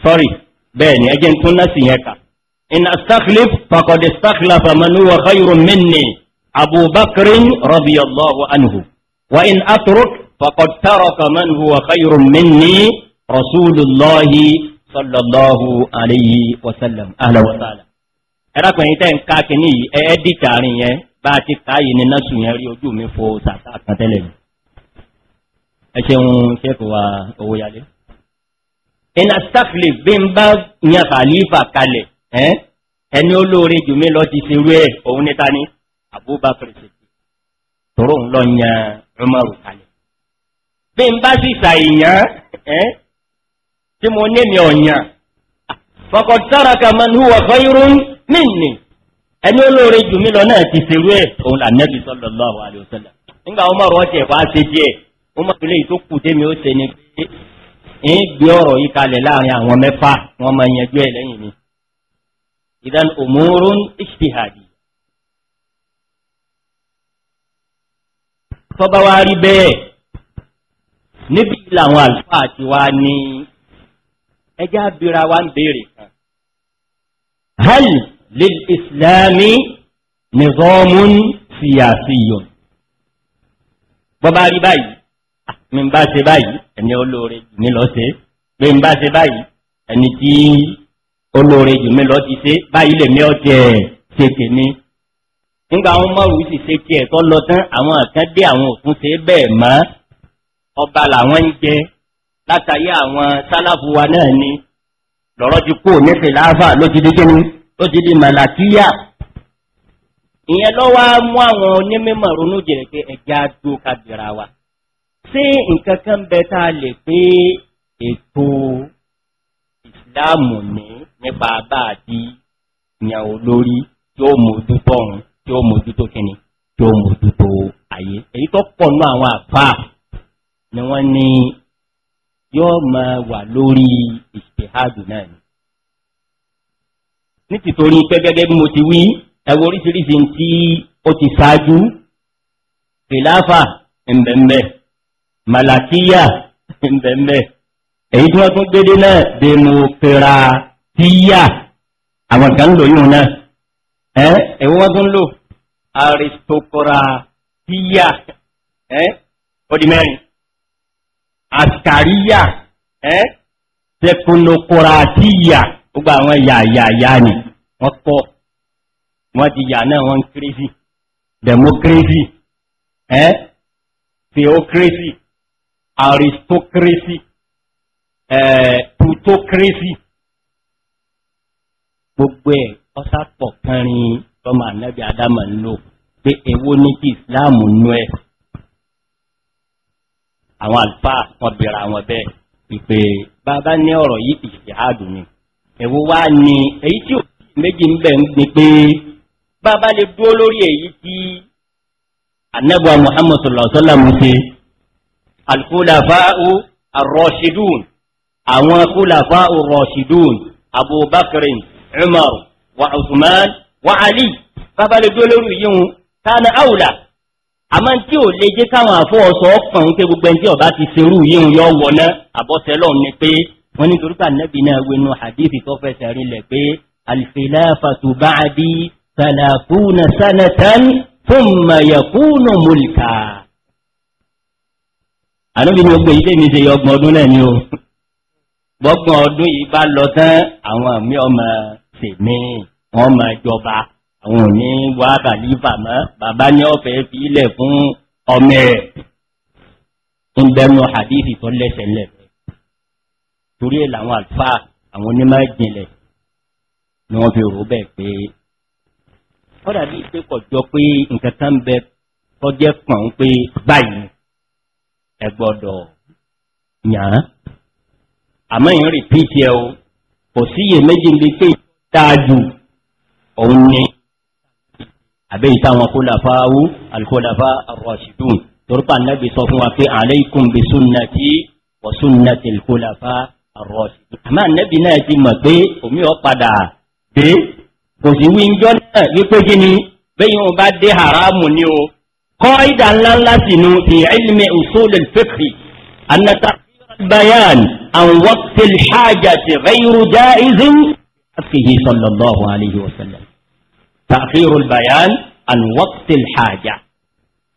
Speaker 1: sọ́rí bẹ́ẹ̀ ni ẹjẹ́ tún náà sì yẹn kà. in astakhlif fakọ̀dé stakhlafa manuwa khayru minni abubakar radiyallahu anhu wa in aturuk fakọ̀d taraka manuwa khayru minni rasulullahi sallallahu alayhi wa sallam ahla wa sallam ẹ̀rọ̀pẹ̀ yìí tẹ́ ń ká kìíní yìí ẹ̀ẹ́dì tààrin yẹn bá a ti ká yìí ní násù yẹn rí ojú mi fo sàtà kan tẹ́lẹ̀ mi ẹ ṣeun ṣẹ́kù wa owó yálé iná stafle bí n bá yan khalifa kalẹ̀ ẹni olóore jù mí lọ ti ṣe rú ẹ̀ òun níta ní abubakar ṣètì tòrò ń lọ yan umaru kalẹ̀ bí n bá sì ṣàìyàn tí mo ní mi ọ̀yàn fọkọ̀ sáraka manhuwa fayirun mínì ẹni olóore jù mí lọ náà ti ṣerú ẹ̀ òun là nẹ́bí sọ́lọ́lọ́wọ́ àlùsọ́lá nígbà wọn mọ̀rọ̀ ọ̀tẹ̀ wá ṣe díẹ̀ wọn mọ̀ ilé tó kù tẹ́mi ó ṣe ni pé ń gbé ọ̀rọ̀ yìí kalẹ̀ láàrin àwọn mẹ́fà wọn máa yanjú ẹ̀ lẹ́yìn mi ìdán òmùrún ìṣèhàdì tọ́ba wa rí bẹ́ẹ̀ níbi làwọn àlùfáà ti wá ní ẹjẹ́ abira wa ń béèrè kan. Ah. hal lil islami nizomun siyasiyun. bọ́bá rí báyìí ah, mi ń bá ṣe báyìí ẹni olóore jù mí lọ ṣe pé ń bá ṣe báyìí ẹni tí olóore jù mí lọ ti ṣe báyìí lèmi ọjẹ ṣe tèmi nígbà àwọn mọ́rù sì ṣe tiẹ̀ tó lọ tán àwọn kan àwọn òfin ṣe bẹ́ẹ̀ mọ́ ọba làwọn ń jẹ látàrí àwọn sálàfù wa náà ni lọ́rọ́ ti kú nífẹ̀ẹ́ láàfà ló ti di kíni ló ti di màlàkíyà ìyẹn lọ́wọ́ á mú àwọn onímọ̀ ronú jẹ̀rẹ̀ pé ẹja dó kábìrà wa ṣé nǹkan kan bẹ tá a lè pé ètò ìsìláàmù ní nípa bá a di ìyàn olórí
Speaker 2: tí ó mójútó
Speaker 1: ọ̀run tí ó mójútó kíni tí ó mójútó ayé èyí tó pọ̀ nú àwọn àfáà ni wọ́n ní yóò máa wà lórí ìṣèhádù náà ni. ní tìtorí pé gẹ́gẹ́ bí mo ti wí ẹ̀wọ̀ oríṣiríṣi tí ó ti ṣáájú kìláfà ẹ̀m̀bẹ̀m̀bẹ̀ màlàkíyà ẹ̀m̀bẹ̀m̀bẹ̀ èyí tí wọ́n tún gbédé náà dèmọ̀kìràtíyà àwọn kan lò yóò náà ẹ̀ ẹ̀wọ́n wọ́n tún lò aristokora tíyà ẹ̀ ó di mẹ́rin àṣàríyà ẹ́ tẹkùnlòkòrò àti ìyà gbogbo àwọn yàyàyà ni wọ́n kọ́ wọ́n ti yà náà wọ́n kírísì democracy ẹ́ theocracy aristocracy ẹ̀ plutocracy gbogbo ẹ̀ ọ́sàpọ̀ kan rin tọ́mà náà bí ń lò pé èwo ní ti islam nú ẹ̀ àwọn àlùfáà wọn bẹ̀rẹ̀ àwọn bẹ́ẹ̀ ìpè bàbá ní ọ̀rọ̀ yìí ìṣèhádùn ni ẹ̀wọ́ wá ní èyí tí òbí méjì ń bẹ̀ ni pé bàbá lè dúró lórí èyí tí anábọ̀ muhammad sallallahu alayhi wa sallam ṣe alfúlàfáà arọ́ṣidùn àwọn fúlàfáà arọ́ṣidùn abubakar umar wa usman wa ali bàbá lè dúró lórí yìí wọn tánà áwùlà àmọ́ tí ò lè jẹ́ káwọn àfọwọ́sọ ọkàn pé gbogbo ẹni tí ọba ti serú yíhun yọ wọ̀ná àbọ̀tẹ́lọ̀ ni pé wọ́n ní torípa nẹ́bí náà wẹnu hadithi tó fẹsẹ̀ rinlẹ̀ pé alfilafatu ba'di salatuna sanatan thumma yakunu mulka. ànábi ni gbogbo ilé mi ṣe yọ ọgbọ̀n ọdún náà ni o gbọ́gbọ̀n ọdún yìí bá lọ tán àwọn àmì ọmọ sèmi wọn máa jọba àwọn òní wá kàlífà mọ́ bàbá ní ọ̀fẹ́ fi ilẹ̀ fún ọmọ ẹ̀ ń bẹnu hadithi tó lẹ́sẹ̀lẹ̀ torí ẹ̀ làwọn àlfà àwọn onímọ̀ ìjìnlẹ̀ ni wọ́n fi rò bẹ́ẹ̀ pé ó dàbí pé kò jọ pé nǹkan kan ń bẹ tọ́jẹ́ pọ̀n pé báyìí ẹ gbọ́dọ̀ yàn án àmọ́ ìrìn pìtì ẹ o kò síyè ń bi pé dáa jù òun ni àbẹ́ ìtàwọn kólàfáwú alkólàfá rọ̀ṣìdún torúpà nẹ́bí sọ fún wa pé aleikum bí súnnàtí wọ súnnàtí alkólàfá rọ̀ṣìdún àmà nẹ́bí náà ti mọ̀ pé omi ọ padà dé kò sí wíńjọ́ náà wípé kí ni bẹ́yìn wọn bá dé haramu ni o kọ́ ìdá ńláńlá sì nu fi ilmi usul alfikri anata bayan an waqtil hajati ghayru jaizin afihi sallallahu alaihi wasallam tàfírò bayan and wọ́pítìl hàjà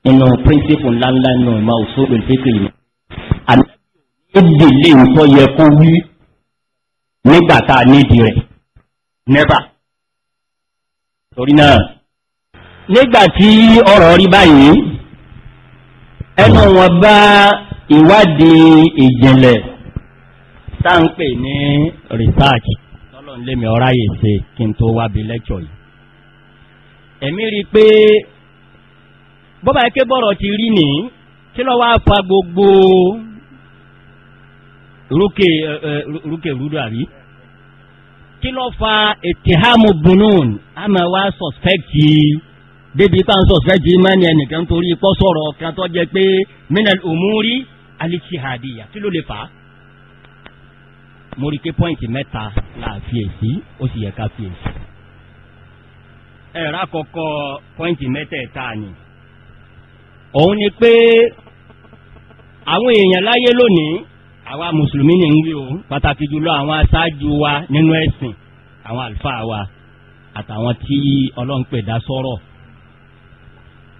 Speaker 1: nínú píríncípù ńláńlá nù ma òṣòlù fíkìlì mi. àdéhùn lè ń tọ́ yẹ kó wí nígbà tá a nídìí rẹ̀ nẹ́bà. torí náà nígbà tí ọ̀rọ̀ rí báyìí ẹnu wọn bá ìwádìí ìjìnlẹ̀ tá à ní research tọ́lọ̀ ń lé mi ọ̀ráyè ṣe kí n tó wábi lẹ́kọ̀ọ́ yìí ẹ̀mí rí pé bọ́bá ike bọ́rọ̀ ti rí ní kí lọ́ wá fa gbogbo rúkè rúkè rúdà rí kí lọ́ fa ètìhámù bunun a máa wá sọ̀spẹ́kì débi pa ń sọ̀spẹ́kì mẹ́ni ẹnìkan torí pọ́ sọ̀rọ̀ kan tó jẹ pé minel omuri alisihadiya kí ló lè fà á mo rí i pé pọ́ìntì mẹ́ta la fi èsì ó sì yẹ ká èsì ẹ̀rá kọ̀kọ́ pọ́ìntì mẹ́tẹ̀ẹ̀ta ni òun ni pé àwọn èèyàn láyé lónìí àwa mùsùlùmí ní ń wí o pàtàkì jùlọ àwọn aṣáájú wa nínú ẹ̀sìn àwọn àlùfáà wa àtàwọn tí ọlọ́run pè dá sọ́rọ̀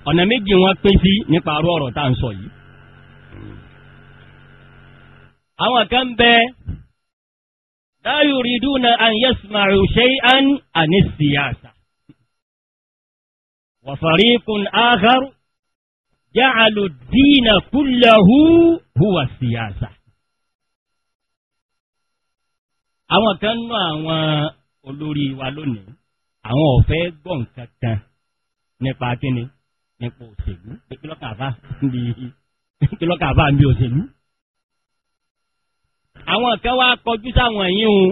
Speaker 1: ọ̀nà méjì wọn pín sí nípa arú ọ̀rọ̀ tá à ń sọ yìí
Speaker 2: àwọn kan ń bẹ dáyùrìdúnà àyẹ̀sùmáà ṣe é án àní
Speaker 1: وفريق آخر jáàlù الدين كله هو السياسة. àwọn kan nú àwọn olórí wa lónìí àwọn ọ̀fẹ́ gbọ̀n kankan nípa kíni nípa òṣèlú kílọ́kà bá níbi kílọ́kà bá níbi òṣèlú. àwọn kan wá kọjú sáwọn yìí o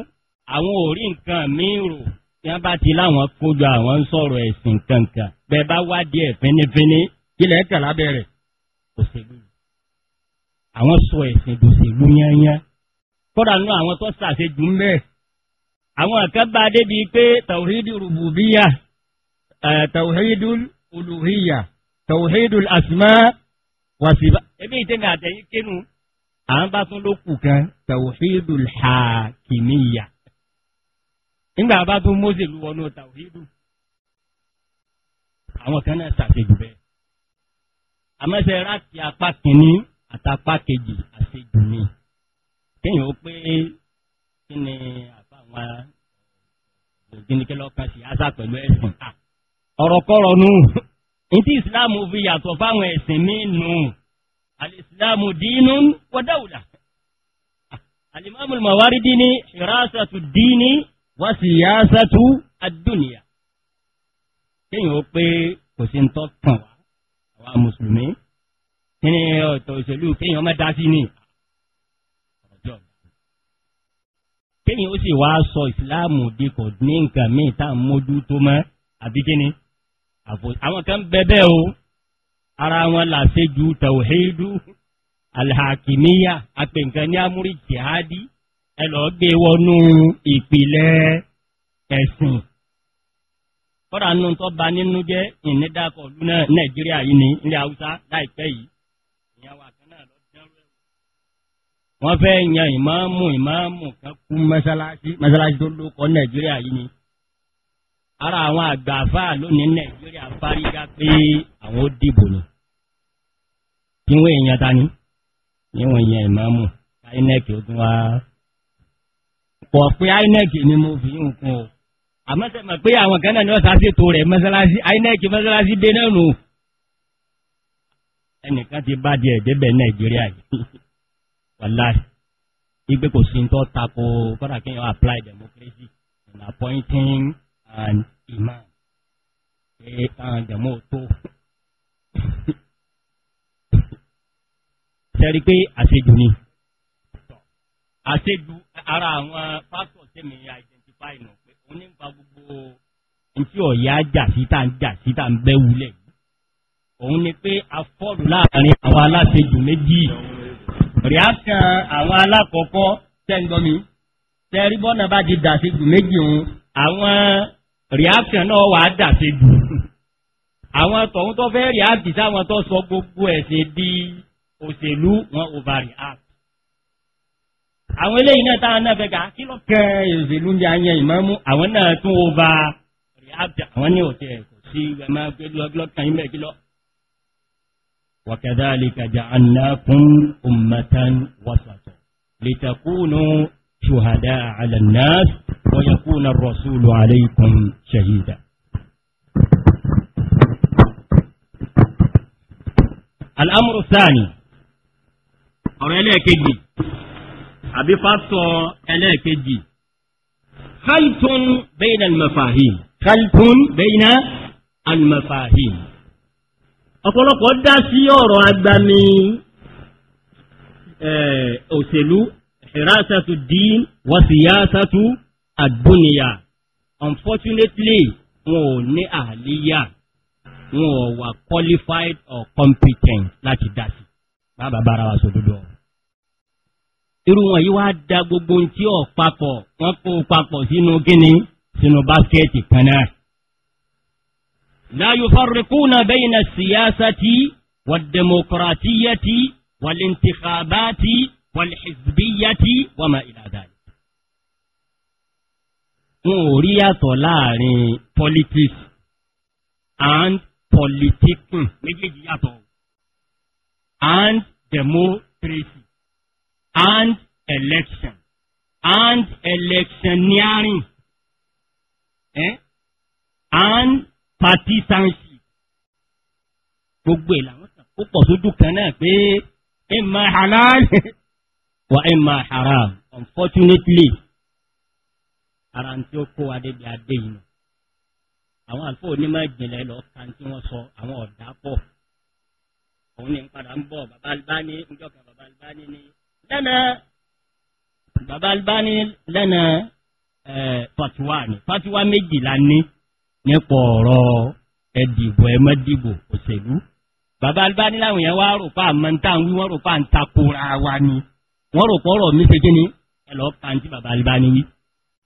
Speaker 1: àwọn ò rí nǹkan mi rò tí wọ́n bá ti láwọn kójọ àwọn ń sọ̀rọ̀ ẹ̀sìn kankan bẹ́ẹ̀ bá wá díẹ̀ fínífíní kílẹ̀ ẹ̀kà lábẹ́rẹ̀ òṣèlú àwọn sọ ẹ̀sìn dòṣèlú yányán kódà nú àwọn tó ṣàṣejù ń bẹ́ẹ̀ àwọn kan bá débi pé tàwíìdì rùbùbíyà tàwíìdì olùhíyà tàwíìdì àsìmá wàsíbà ebi ìtẹ́ni àtẹ̀yìn kínú à ń bá tún lókù kan tàwíìdì hàkìmíyà nígbà bá tún mọ́sẹ̀lú wọnú tàwíìdù àwọn kan náà ṣàṣejù bẹ́ẹ̀ àmọ́sẹ̀ ráàkì apá kìíní àtàpá kejì àṣejù ni kéèyàn ó pé kí ni àbá wọn ògbénikẹ́ lọ́kàn sí àṣà pẹ̀lú ẹ̀sìn ká ọ̀rọ̀kọ́rọ̀ nù ní tí ìsìláàmù fi yàtọ̀ fáwọn ẹ̀sìn míì nù alìsìláàmù dínú wọ́dáwùdà alìmọ́mùlùmọ̀wárí dín ní ìrásàtù dín ní wá sí yáásátú adúnìyà kéèyàn ó pé kò sí ń tọ́ kàn wá àwa mùsùlùmí kí ni ọ̀tọ̀ òṣèlú kéèyàn má dá sí ni ọjọ́ kéèyàn ó sì wá sọ ìsìláàmù di kò ní nǹkan míì tá à ń mójú tó mọ́ àbí kí ni àwọn kan bẹ bẹ́ẹ̀ o ara wọn làṣejù tàwíhídù alhàkìmíyà àpè nǹkan ní amúrí jihadi. ẹlọ gbé wọnú ìpìlẹ̀ ẹ̀sìn kọ́dà nínú tó ba nínú jẹ́ ìnídàkọ̀ ìlú náà nàìjíríà yìí ní ilẹ̀ haúsá lọ wọ́n fẹ́ yan ìmáàmù ìmáàmù kan kú mọ́sálásí mọ́sálásí tó lóko nàìjíríà yìí ara àwọn àgbààfà lónìí nàìjíríà fárígá pé àwọn ó dìbò ni kí ta ni kí ìmáàmù káyínẹ́ẹ̀kì kò pé inec ni mo fi ń kun o àmọ́ sẹ́ mọ̀ pé àwọn kan náà ni wọ́n sá ṣètò rẹ̀ mọ́sálásí inec mọ́sálásí dé náà nù ẹnìkan ti bá di ẹ̀dẹ́bẹ̀ nàìjíríà yìí wàláì igbe kò sí tó tako kọ́dà kí n yọ apply democracy and appointing an imam ṣe àwọn jẹ̀mọ́ tó sẹ́rí pé àṣejù ni àṣejù ara àwọn pásítọ̀ tèmi identify nù pé òun ní nfa gbogbo ntí ọ̀yá jà síta ń jà síta ń bẹ́ wulẹ̀ òun ni pé afọ́ọ̀lù láàrin àwọn aláṣejù méjì reaction àwọn alákọ̀ọ́kọ́ tẹ́ǹgbọ́n mi tẹ́rí bọ́nà bá di dàṣejù méjì òun àwọn reaction náà wà á dàṣejù àwọn tọ̀hún tó fẹ́ react sáwọn tó sọ gbogbo ẹ̀sìn di òṣèlú wọn overreact. àwọn eléyìí náà táwọn náà fẹ́ ga kí ló kẹ́ òṣèlú ń jẹ́ ayé ìmọ̀mú àwọn náà tún wo ba àwọn ní òtẹ̀ kò sí ẹ máa gbé lọ́gbọ́n kan yín bẹ́ẹ̀ kí lọ. وكذلك جعلناكم أمة وسطا لتكونوا شهداء على الناس ويكون الرسول عليكم شهيدا الأمر الثاني أرى لك àbí fásitọ̀ ẹlẹ́ẹ̀kejì khaltun bẹ́yìnà almafahim khaltun bẹ́yìnà almafahim ọ̀pọ̀lọpọ̀ dá sí ọ̀rọ̀ agbami òṣèlú ìrásàtú dín wàsíyásàtú àdúnìyà unfortunately wọn ò ní àlíyà wọn ò wà qualified or competent láti dá sí bá bàbá ara wa sọ dúdú ọ̀rọ̀ irú wọn yìí wá da gbogbo ntí ọ̀ papọ̀ wọ́n kó papọ̀ sínú gíní sínú báskẹ́ẹ̀tì kan náà. láyò farikúnà bẹ́yìn na siyasati wà dẹmọkùrátìyàtì wà lẹ́ntìkàbàtì wà lẹ́xìsbíyàtì wà má ìlàdà. wọn ò rí yàtọ̀ láàrin politics and politics méjèèjì yàtọ̀ and democracy and election and electioneering eh? and partisanship gbogbo ẹ̀ làwọn kan ó pọ̀ sójú kan náà pé ẹ máa halal wa ẹ máa haram unfortunately ara ń tí ó kó adébí adé yìí nù àwọn àlùfáà onímọ̀ ìjìnlẹ̀ lọ kan tí wọ́n sọ àwọn ọ̀dà pọ̀ òun ni ń padà ń bọ̀ bàbá Albani ń jọ̀kan bàbá Albani ni lẹ́nà Baba albani lẹ́nà fatiwa eh, ni fatiwa méjìlá ní nípa ọ̀rọ̀ ẹ̀dìbò ẹ̀mẹ́dìbò òṣèlú bàbá albani láwọn yẹn wá rò pa àmọ́ntà ń wí wọ́n rò pa ń takora wa ni wọ́n rò pọ̀rọ̀ mi ṣe kíni ẹ lọ́ọ́ pa ní ti bàbá albani wí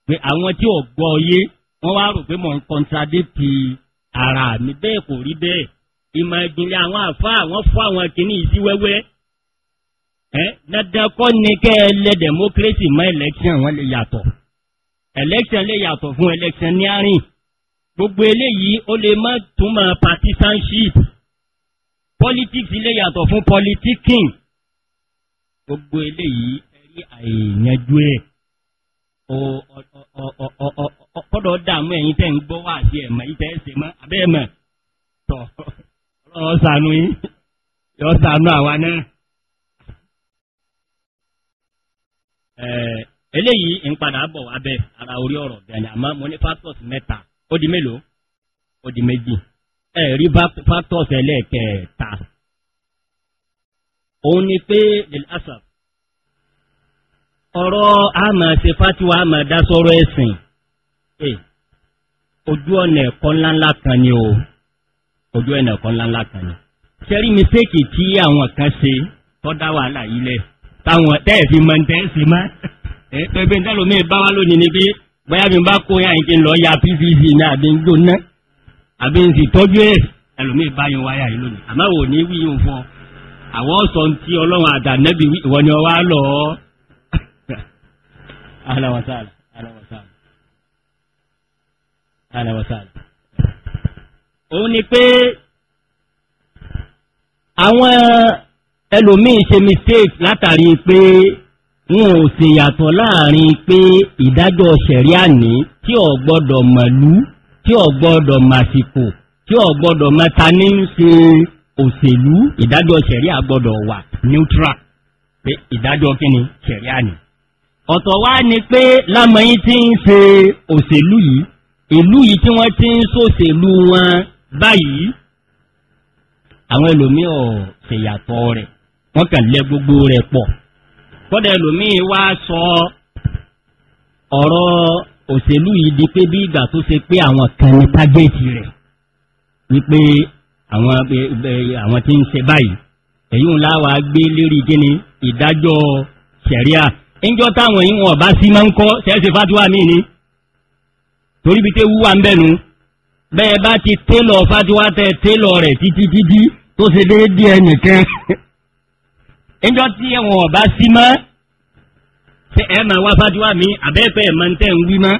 Speaker 1: pé àwọn tí ò gbọ́ yé wọ́n wá rò pé mò ń kọ́ntradétì ara mi bẹ́ẹ̀ kò rí bẹ́ẹ̀ ìmọ̀ ìgbìnlẹ̀ àwọn àfa àwọn fọ́ àwọn kìnnìyí sí wẹ́wẹ́ dandakọ́ ni kẹ́ ẹ lẹ democracy mọ́ election wọn lè yàtọ̀ election lè yàtọ̀ fún election ní àárín gbogbo eléyìí ó lè má túmọ̀ partisanship politics lè yàtọ̀ fún politicking gbogbo eléyìí ẹ̀rí àìyànjú ẹ̀ kọ́dọ̀ dààmú ẹ̀yin tẹ́ ń gbọ́ wá sí ẹ̀mọ́ yìí tẹ́ ẹ ṣe mọ́ abẹ́ ẹ̀mọ́ tọ̀ ọlọ́run ṣàánú yín yọ ṣàánú àwa náà. Eh, eléyìí ń padà bọ̀ wá bẹ́ẹ̀ ara orí ọ̀rọ̀ bẹ́ẹ̀ ni àmọ́ mo ní factors mẹ́ta ó di mélòó ó di méjì ẹ rí factors ẹlẹ́ẹ̀kẹta òun ni pé lẹ́lásà ọ̀rọ̀ àmọ̀ ṣe fatiwa àmọ̀ dá ẹ̀sìn eh, ojú ọ̀nà ẹ̀kọ́ ńláńlá kan ni o ojú ọ̀nà ẹ̀kọ́ ńláńlá kan ni ṣẹ́rí mistake tí àwọn kan ṣe tọ́dá wàhálà yìí lẹ́ẹ̀ táwọn tẹ́ẹ̀fì mọ́ tẹ́ẹ̀sì mọ́ ẹgbẹ́ ìdálómi bá wá lónìí ni pé bóyá mi bá kó yàn kí n lọ ya pvc ní àbí ń gbóná àbí ń sì tọ́jú ẹ̀ ẹlòmí bá yan wáyà yìí lónìí àmọ́ wò ní wí yóò fọ àwọn sọ ti ọlọ́run àdànẹ́bí ìwọ ni ọwá lọ òun ni pé àwọn ẹlòmíì ṣe mistake látàrí pé wọn ò ṣe yàtọ̀ láàrin pé ìdájọ́ ṣẹ̀ríà ní tí ò gbọ́dọ̀ mọ̀lú tí ò gbọ́dọ̀ màsìkò tí ò gbọ́dọ̀ mẹ́ta ní ń ṣe òṣèlú ìdájọ́ ṣẹ̀ríà gbọ́dọ̀ wà neutral pé ìdájọ́ kí ni ṣẹ̀ríà ní. ọ̀tọ̀ wá ni pé lámọ̀yín ti ń ṣe òṣèlú yìí ìlú yìí tí wọ́n ti ń ṣòṣèlú wọn báyìí àwọn ẹlòmíì ò ṣèyàtọ̀ rẹ̀ wọ́n kàn lẹ gbogbo rẹ̀ pọ̀ kọ́dà ẹlòmíín wá sọ ọ̀rọ̀ òṣèlú yìí di pé bí ìgbà tó ṣe pé àwọn kan ní tágẹ́ẹ̀tì rẹ̀ wípé àwọn àwọn tí ń ṣe báyìí èyí ń láwàá gbé lérí gíní ìdájọ́ sẹ̀ríà ńjọ́ táwọn yìí wọn ọ̀bá sí máa ń kọ́ sẹ́ẹ̀sì fatuwa míì ni torí bíi tẹ́ wúwa ń bẹ̀nu bẹ́ẹ̀ bá ti télọ̀ fatuwa tẹ télọ̀ rẹ̀ títí títí tó ṣe déédéé ẹnìkan ẹjọ́ tí ẹ̀wọ̀n ọ̀bá sí mọ́ ṣe ẹ máa wá fájúwà mi àbẹ́fẹ́ ẹ̀ máa ń tẹ̀ ń wí mọ́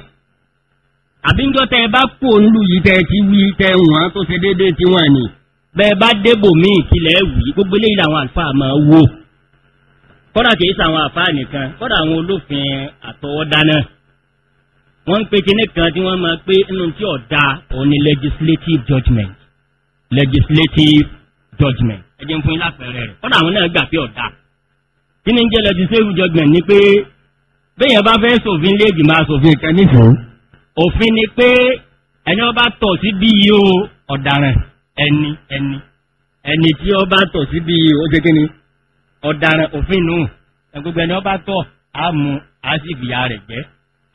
Speaker 1: àbíjọ́ tẹ́ ẹ bá kó olú yìí tẹ́ ẹ ti wí tẹ́ wọ́n tó ṣe déédéé tí wọ́n ni bẹ́ẹ̀ bá débò míì tilẹ̀ wì gbogbo eléyìí làwọn àlùfáà máa wò kọ́dà kìí sàwọn àfáà nìkan kọ́dà àwọn olófin àtọwọ́dá náà wọ́n ń pe kinní kan tí wọ́n máa pé inú tí ọ̀dà òun ni legislative judgment legislative judgment ẹjẹ ń fún yín lápẹẹrẹ rẹ kọ́dà àwọn náà gbà pé ọ̀dà kí ni ń jẹ́lẹ̀ ti sẹ́rù jọgbọ̀n ni pé bẹ́yẹn bá fẹ́ sòfin léègì máa sòfin kan nífẹ̀ẹ́ òfin ni pé ẹni ọba tọ̀ sí bí i o ọ̀daràn ẹni ẹni ẹni tí ọba tọ̀ sí bí i o ṣe kí ni ọ̀daràn òfin nù gbogbo ẹni ọba tọ̀ á mu á sì fìyà rẹ̀ jẹ́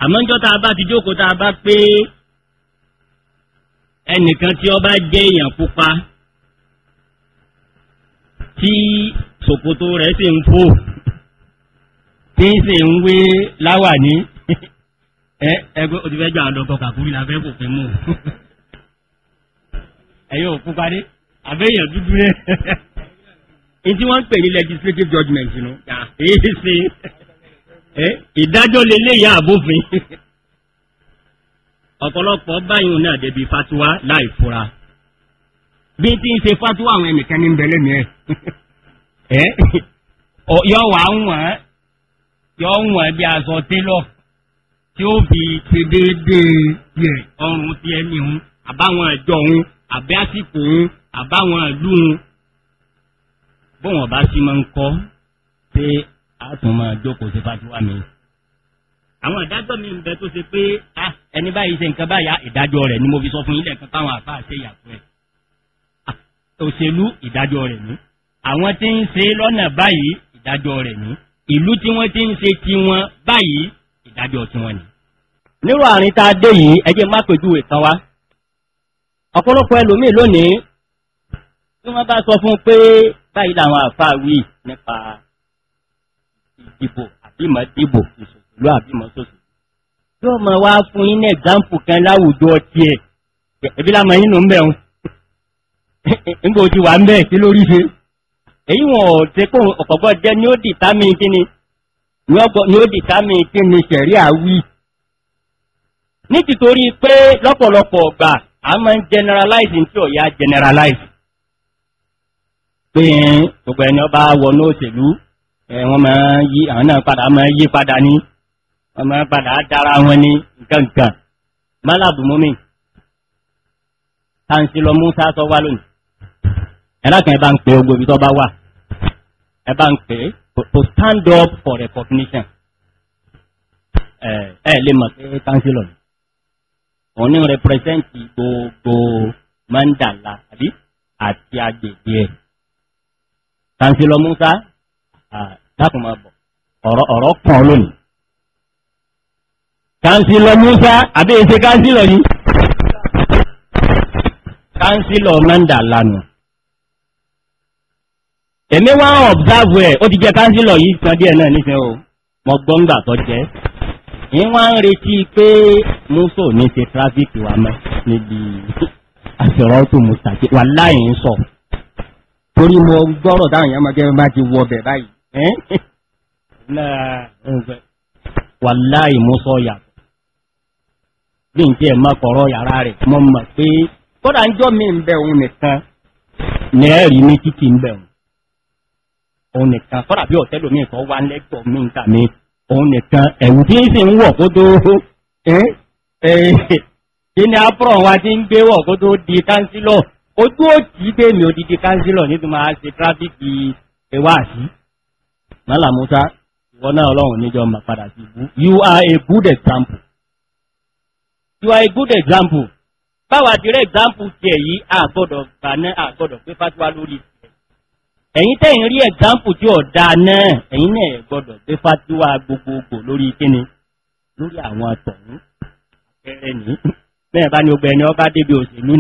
Speaker 1: àmọ́ níjọ́ tá a bá ti jókòó tá a bá pé ẹnìkan tí ọba jẹ́ èèyàn pupa tí ṣòkòtò rẹ̀ sì ń fò tí ń sì ń wé láwà ní ẹgbẹ́ òtífẹ́jọ́ àwọn ọ̀dọ́kọ̀ kàkúrú la fẹ́ fòfin mú ẹ̀yọ́ òkú parí àbẹ́yàn dúdú rẹ̀ èyí tí wọ́n ń pè ní legislative judgment nù èyí sí ìdájọ́ lélẹ́yà àbófin ọ̀pọ̀lọpọ̀ báyìí náà débi fatiwa láì fura bí tí ń ṣe fatuwa àwọn ẹnìkan ní bẹ̀lẹ̀ mi ẹ̀ yọ wà ń wọ̀n yọ ń wọ̀n bí aṣọ télọ̀ tí ó fi ṣe déédéé yẹ ọrùn tí ẹni hun àbáwọn ẹjọ hun àbí àsìkò hun àbáwọn ìlú hun bọ́wọ̀n bá sí máa ń kọ́ pé a tún máa jókòó ṣe fatuwa mi àwọn ìdájọ́ mi ń bẹ tó ṣe pé ah, ẹni báyìí ṣe nǹkan báyà ìdájọ́ rẹ̀ ni mo fi sọ fún yín lẹ́ẹ̀kan táwọn àfáà ṣe yàtọ̀ ẹ̀ òṣèlú ìdájọ́ rẹ̀ ní àwọn tí ń ṣe lọ́nà báyìí ìdájọ́ rẹ̀ ní ìlú tí wọ́n ti ń ṣe tiwọn báyìí ìdájọ́ tiwọn ni. nírò àárín tá a dé yìí ẹ jẹ́ má pèjúwe kan wá ọ̀pọ̀lọpọ̀ ẹlòmíì lónìí tí wọ́n bá sọ fún pé báyìí làwọn àfa wí nípa ìdìbò àbímọ dìbò ìṣòṣèlú àbímọ ṣòṣèlú yóò mọ wá fún yín ní ẹ̀gbáǹpù kan láwùjọ tiẹ̀ ẹ̀bí làmọ̀ yín nù ń bẹ̀rùn ńgbò ti wà ń bẹ́ẹ̀ sí lórí ṣe èyí wọn ò tí kò ọ̀pọ̀gbọ́ jẹ́ ní ni o di dìtámì a ma n generalize nti ọya generalize Pe gbogbo ẹni ọba wọnú òṣèlú wọ́n máa yí àwọn náà padà máa yí padà ní wọ́n máa padà dára wọn ní nǹkan nǹkan málàbù mọ́mí musa sọ lónìí ẹ̀lákan ẹ bá ń pè ogbó ibi tó bá wà ẹ bá ń pè to stand up for recognition ẹ ẹ lè mọ̀ pé councilor òun ní rẹpẹrẹsẹ́ǹtì gbogbo mandala àbí àti agbègbè ẹ̀ councilor musa dákùnmọ̀ bọ̀ ọ̀rọ̀ ọ̀rọ̀ kan lónìí councilor musa àbí èsè councilor yìí councilor mandala nù. No èmi wá ń ọ̀bùsáàbù ẹ̀ ó ti jẹ́ káńsílọ̀ yìí kan díẹ̀ náà nífẹ̀ẹ́ o mo gbọ́ ńgbà tó jẹ́ ní wá ń retí pé muso ní ṣe tráfíkì wa mọ́ níbi àṣọrọ́tò mùsàkì wà láì ń sọ torí mo gbọ́rọ̀ táwọn èèyàn máa gẹ́gẹ́ bá ti wọ ọbẹ̀ báyìí wà láì mú sọ yàtọ̀ bí n tiẹ̀ má kọ̀rọ̀ yàrá rẹ̀ mo mọ̀ pé kódà ń jọ́ mi ń bẹ̀ òun nìkan ní ẹ̀rí ní títì ń bẹ̀ òun òun nìkan kọ́dà bí ọ̀tẹ́lò mi kan wá lẹ́gbọ̀ mi ń gbà mí òun nìkan ẹ̀rù tí ń sì ń wọ̀ kó tó kí ni apron wa ti ń gbé wọ̀ kó tó di kánsílọ̀ ojú òtí pé mi ò di di kánsílọ̀ nítorí máa ṣe tráfíkì ẹwà sí mọ́là musa ìwọ náà ọlọ́run níjọ mà padà sí ibú you are a good example you are a good example báwa direct example tiẹ̀ yìí àgbọ̀dọ̀ gbà náà àgbọ̀dọ̀ pé fatiwa lórí ẹ̀yin tẹ́yìn rí ẹ̀gbáǹpù tí ọ̀dá náà ẹ̀yin náà gbọ́dọ̀ gbé fatiwa gbogbogbò lórí kíni lórí àwọn àtọ̀hún ẹ̀rẹ̀ ní bẹ́ẹ̀ bá ní ogbẹ̀ ẹni ọba débi òṣèlú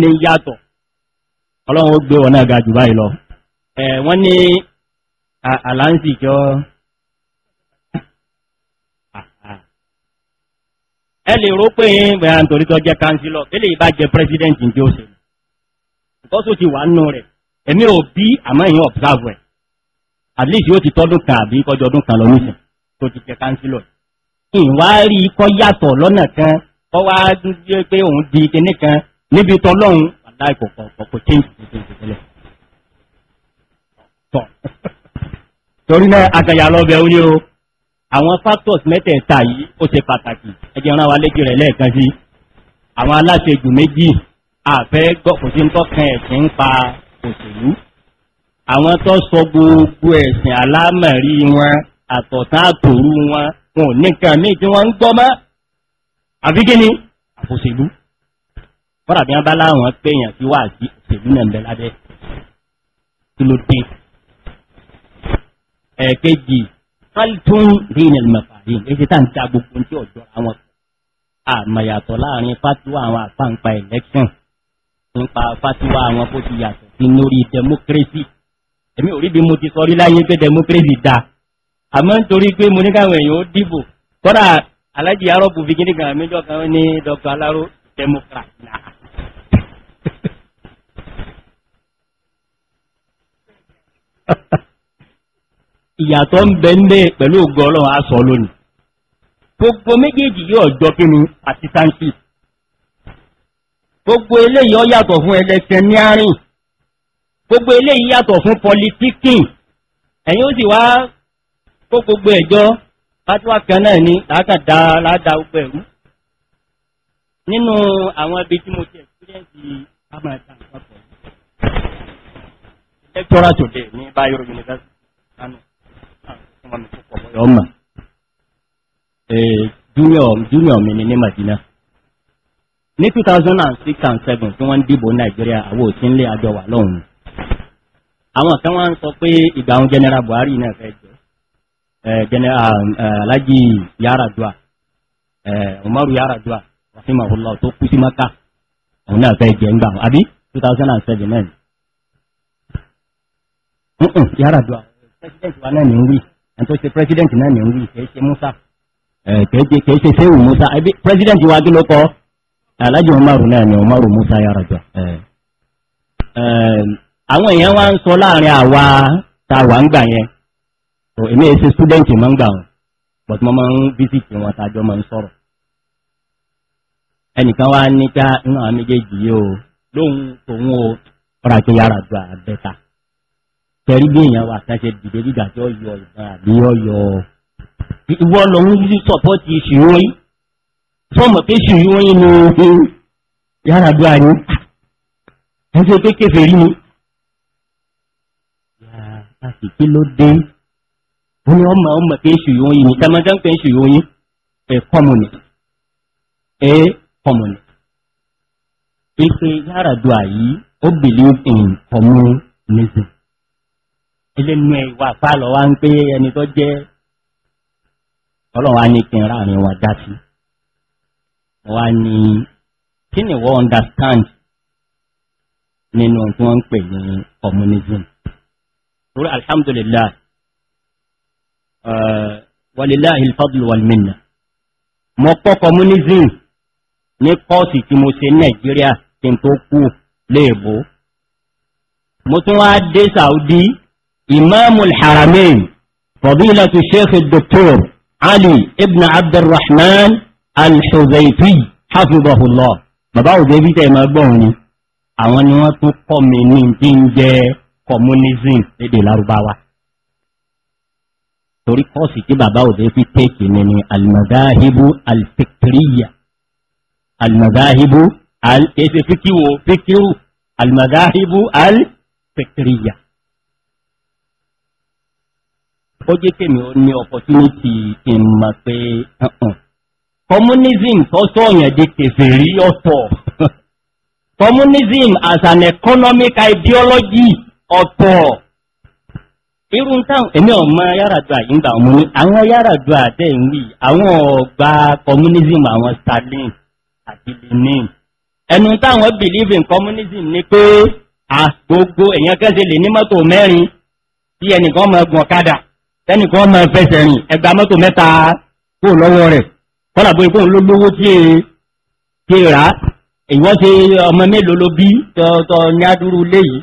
Speaker 1: ní yàtọ̀ ọlọ́run ó gbé wọn náà ga jù báyìí lọ ẹ̀ wọ́n ní àláǹsì jọ ẹ lè rò pé bẹ́ẹ̀ nítorí tó jẹ́ kánsílọ̀ kí lè bá jẹ pírẹsidẹ́ǹtì ní òṣèlú nǹkan tó ti wà nù rẹ̀ èmi ò bí àmọ́ èèyàn observe ẹ̀ at least yóò ti tọ́dún kan àbí kọjọ ọdún kan lọ nísìn tó ti jẹ kánsílọ̀ ìwárí kọ́ yàtọ̀ lọ́nà kan kọ́ wá dúdú pé òun di kinní kan níbi tọ́lọ́hún aláì kò kọ̀ kò change kò change tẹ́lẹ̀. tọ́ torí náà akẹyà lọ́bẹ̀ ó ní o àwọn factors mẹ́tẹ̀ẹ̀ta yìí ó ṣe pàtàkì ẹjẹ́ rán wa léjì rẹ̀ lẹ́ẹ̀kan sí àwọn aláṣejù méjì àfẹ́ gbọ́ kò sí ń tọ́kan ẹ̀sìn ń pa òṣèlú àwọn tó sọ gbogbo ẹ̀sìn alámẹ̀rí wọn àtọ̀tá àtòrú wọn wọn nìkan míì tí wọ́n ń gbọ́ mọ́ àbígíní àfòṣèlú fọ́nà bí wọ́n bá láwọn péyàn tí wà sí òṣèlú náà ń bẹ lábẹ́ kí ló dé ẹ̀ẹ̀kejì kálítún dín ẹ̀lmẹ̀fàdín èyí tá ń ta gbogbo ní ọ̀dọ́ àwọn àmọ̀yàtọ̀ láàrin fátíwá àwọn àpáǹpa election nípa fátíwá àwọn kó ti yàtọ̀ lórí democracy èmi ò rí bí mo ti sọ rí láyé pé democracy da àmọ́ nítorí pé mo ní káwọn èèyàn ó dìbò kọ́dà alájì arọ́bù fi kíní kan méjọ kan ní dr alaro democrat náà. ìyàtọ̀ ń bẹ ńlé pẹ̀lú ògùn ọlọ́run aṣọ lónìí gbogbo méjèèjì yóò jọ kí àti sáńtì gbogbo eléyìí ọ yàtọ̀ fún ẹlẹ́sẹ̀ ní àárín gbogbo eléyìí yàtọ̀ fún politikin ẹ̀yin ó sì wá kó gbogbo ẹ̀jọ́ fatiwa kan náà ni látàdá ládà gbogbo ẹ̀rú nínú àwọn ibi tí mo ti experience amọ̀ta nǹkan pọ̀ lecturer ní Bayero University kano ọmọ mi tó pọ̀ bọ́yọ̀ ọmọ junior mi ni ní Madina ní 2006 and 7 tí wọ́n ń dìbò Nàìjíríà àwọn òsínlé àjọwà lọ́hùn-ún àwọn kan wọ́n ń sọ pé ìgbà àwọn general buhari náà fẹ́ jẹ́ general alhaji yaradua umaru yaradua rahimahullah tó kú sí maka òun náà fẹ́ jẹ́ ńgbà àbí 2007 náà yaradua president wa náà ní ń wí ẹni tó ṣe president náà ní wí kìí ṣe musa kìí ṣe sehu musa president wa kí ló kọ́ alhaji umaru náà ní umaru musa yaradua àwọn èèyàn wá ń sọ láàrin àwa ta wà ń gbà yẹn tó èmi èsì student máa ń gbà wọn but mo máa ń visit wọn tàjọ máa ń sọ̀rọ̀ ẹnìkan wá ní ká inú àwọn méjèèjì yìí o lóhun tòun o ọ̀rọ̀ àti yàrá ju àbẹ́ta tẹ̀rí bí èèyàn wà kàn ṣe dìde gíga tí ó yọ ìbọn àbí ó yọ ìwọ lòun yìí sọpọ́tì ìṣìwọ́yìn
Speaker 2: fọ́ọ̀mù pé ìṣìwọ́yìn ni yàrá ju àyè ẹ ṣe pé kẹfẹ́ rí ni a sì kí ló dé
Speaker 1: wọ́n ní ọmọ ọmọ pé ṣùyọ́ yìí ní tamajá ń pè ṣùyọ́ yìí ẹ̀ kọ́mùnì ẹ̀ kọ́mùnì pípé yàràdùà yìí ó believe in communism elénu ẹ̀ wà fáàlọ́ wa ń pé ẹni tó jẹ́ ọlọ́run á ní kí n ráàrin wa dá sí wa ní kí ni wọ́n understand nínú tí wọ́n ń pè ní communism torí alhamdulillah uh, walillahi alfadl walminna mo kọ́ communism ní kọ́ọ̀sì tí mo ṣe nàìjíríà tí n tó kú léèbó mo tún wá dé saudi imamul haramain fadilatu sheikh dr ali ibn abdulrahman al-huzaifi hafizahullah bàbá òde bí tẹ̀ máa gbọ́n ni àwọn ni wọ́n tún kọ́ mi ní ti communism lédè lárúbáwá torí kọ́ọ̀sì tí bàbá òde fi téèkì ni ni almadahibu alfikiriya almadahibu alkese fikiwo fikiru almadahibu alfikiriya ó jẹ́ kèmí ó ní opportunity kí n mọ̀ pé communism tó sọ̀yàn di kèfèrí ọ̀tọ̀ communism as an economic ideology ọ̀pọ̀ irun táwọn èmi ọmọ yàràdùà yìí ń gbà mú ní àwọn yàràdùà dẹ̀ ń wí àwọn ọ̀gbà communism àwọn Stalin àti Lenin ẹnu táwọn believe in communism ni pé àgbogbo èèyàn kẹ́sẹ̀ lè ní mọ́tò mẹ́rin tí ẹnìkan máa gun ọ̀kadà tẹ́nìkan máa fẹsẹ̀ rìn ẹgbà mọ́tò mẹ́ta kó lọ́wọ́ rẹ̀ kọ́lá bóyá kó ló lówó tí e tí e rà ìwọ́n ṣe ọmọ mélòó ló bí tọ́ tọ́ ní adúrú léyìí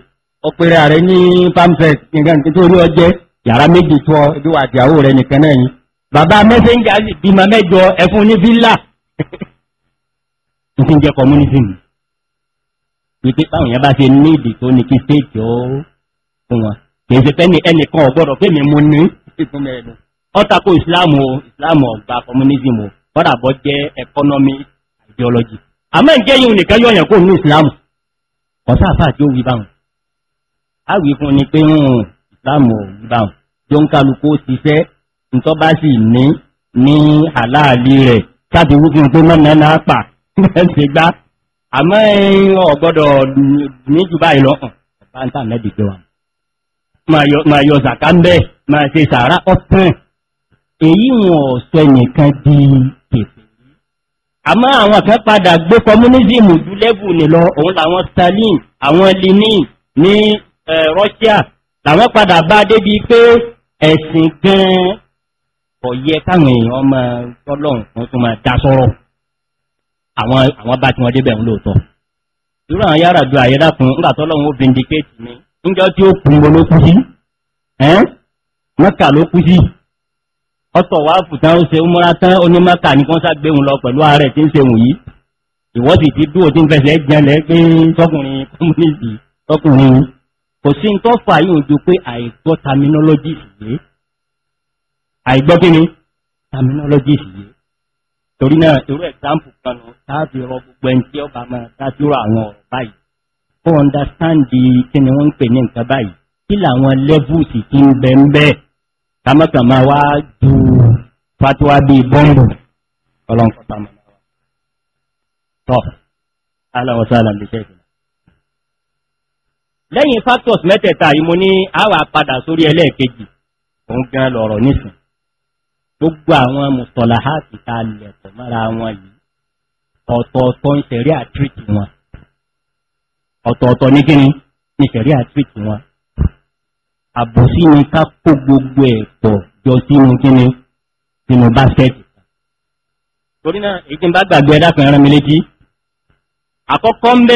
Speaker 1: ọpẹrẹ ààrẹ ní pamphlet nǹkan tó rí ọjẹ́ yàrá méjì tó ọ ibi wà àtìyàwó rẹ nìkan náà yìí bàbá mẹ́sẹ̀njà sì bímọ mẹ́jọ ẹ̀fún ní fílà tó fi ń jẹ́ communism wípé báwọn yẹn bá ṣe ní ìdí tó ní kí stéèjì ó fún wọn kì ṣe fẹ́ ni ẹnìkan ọ̀gbọ́dọ̀ pé mi mú ní ìpínlẹ̀ ẹ̀dùn ọ́tàkó ìsìláàmù o ìsìláàmù ọ̀gbà communism o kọ́dà bọ́ jẹ́ economic ideology àmọ́ ǹjẹ́ yìí nìkan yọ̀yàn kó ní ìsìláàmù ọ̀sáàfà tí ó wí báwọn àwí fún ni pé ń ìsìláàmù ìbáhùn tó ń kálukú ti fẹ́ ntọ́ bá sì ní ní àláàlì rẹ̀ káàdì wúkìn pé mọ́nà náà pà ṣe gbá àmọ́ ọ̀gbọ́dọ̀ ní jù báyìí lọ́kàn bá ń tà mẹ́bí gbé wa máa yọ zàká ń bẹ́ẹ̀ máa ṣe sàárà ọ̀pẹ́ èyí wọn ọ̀sẹ̀ nìkan di kèfè àmọ́ àwọn kan padà gbé communism jù lẹ́bù nìlọ òun làwọn stalin àwọn lenin ní russia làwọn padà bá débi pé ẹ̀sìn gan-an kò yẹ káwọn èèyàn ọmọ ọlọ́run kan tó máa dá sọ́rọ̀ àwọn bá tí wọ́n débẹ̀ ń lóòótọ́ irú àwọn yàrá ju àyẹ́dá fún nígbà tọ́lọ́run ó vindicate mi níjọ́ tí ó kún ló kú sí mọ́kà ló kú sí ọ̀tọ̀ wá fùtán ó ṣe ó múra tán ó ní mọ́kà ní kọ́ńsá gbéhùn lọ pẹ̀lú ààrẹ tí ń ṣe wù yìí ìwọ́sì ti dúró tí ń fẹsẹ̀ jẹ́lẹ̀ pé tọkùnrin kọ́múnìtì tọkùnrin kò sí tó fà yíò ju pé àìgbọ́ terminologies yìí àìgbọ́ kí ni terminologies yìí torí náà irú example kan nù táàbì rọ gbogbo ẹni tí ọba máa dájú àwọn ọ̀rọ̀ báyìí kó understand kí ni wọ́n ń pè ní nǹkan báyìí kí làwọn levels ti ń bẹ ń bẹ́ẹ̀ kámọ́kàn máa wá ju fatuwa bíi bọ́ǹbù ọlọ́nkọ́ta mọ̀ tọ́ alawọ́sálàm bí sẹ́yìn. lẹ́yìn factors mẹ́tẹ̀ẹ̀ta yìí mo ní àwà padà sórí ẹlẹ́ẹ̀kejì òun gan lọ̀rọ̀ nísìn gbogbo àwọn mùsọ̀lá àti ta mára wọn yìí ọ̀tọ̀ọ̀tọ̀ ń ṣẹ̀rí wọn ọ̀tọ̀ọ̀tọ̀ ní kíni ní wọn àbòsí ni ká kó gbogbo ẹ̀pọ̀ jọ sínú kíni sínú báskẹ́tì torí náà èyí tí ń kan rán mi létí àkọ́kọ́ ń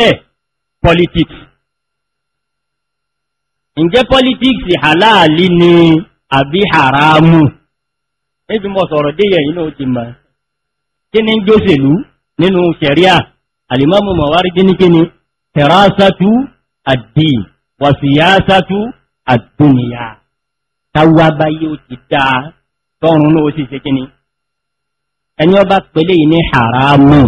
Speaker 1: ǹjẹ́ politics halali ni àbí haramu níbi mọ̀ sọ̀rọ̀ déyẹ̀ inú ti mọ̀ kí ní gbèsèlú nínú sẹ̀ríà alimamu mawari kí ní kí ni tẹ̀rásátú àdì wàsíyásátú àdúnìyà táwa báyé ó ti dá
Speaker 2: tọrùn náà ó sì ṣe kí ni ẹni ọba pẹ̀lẹ́ yìí ní haramu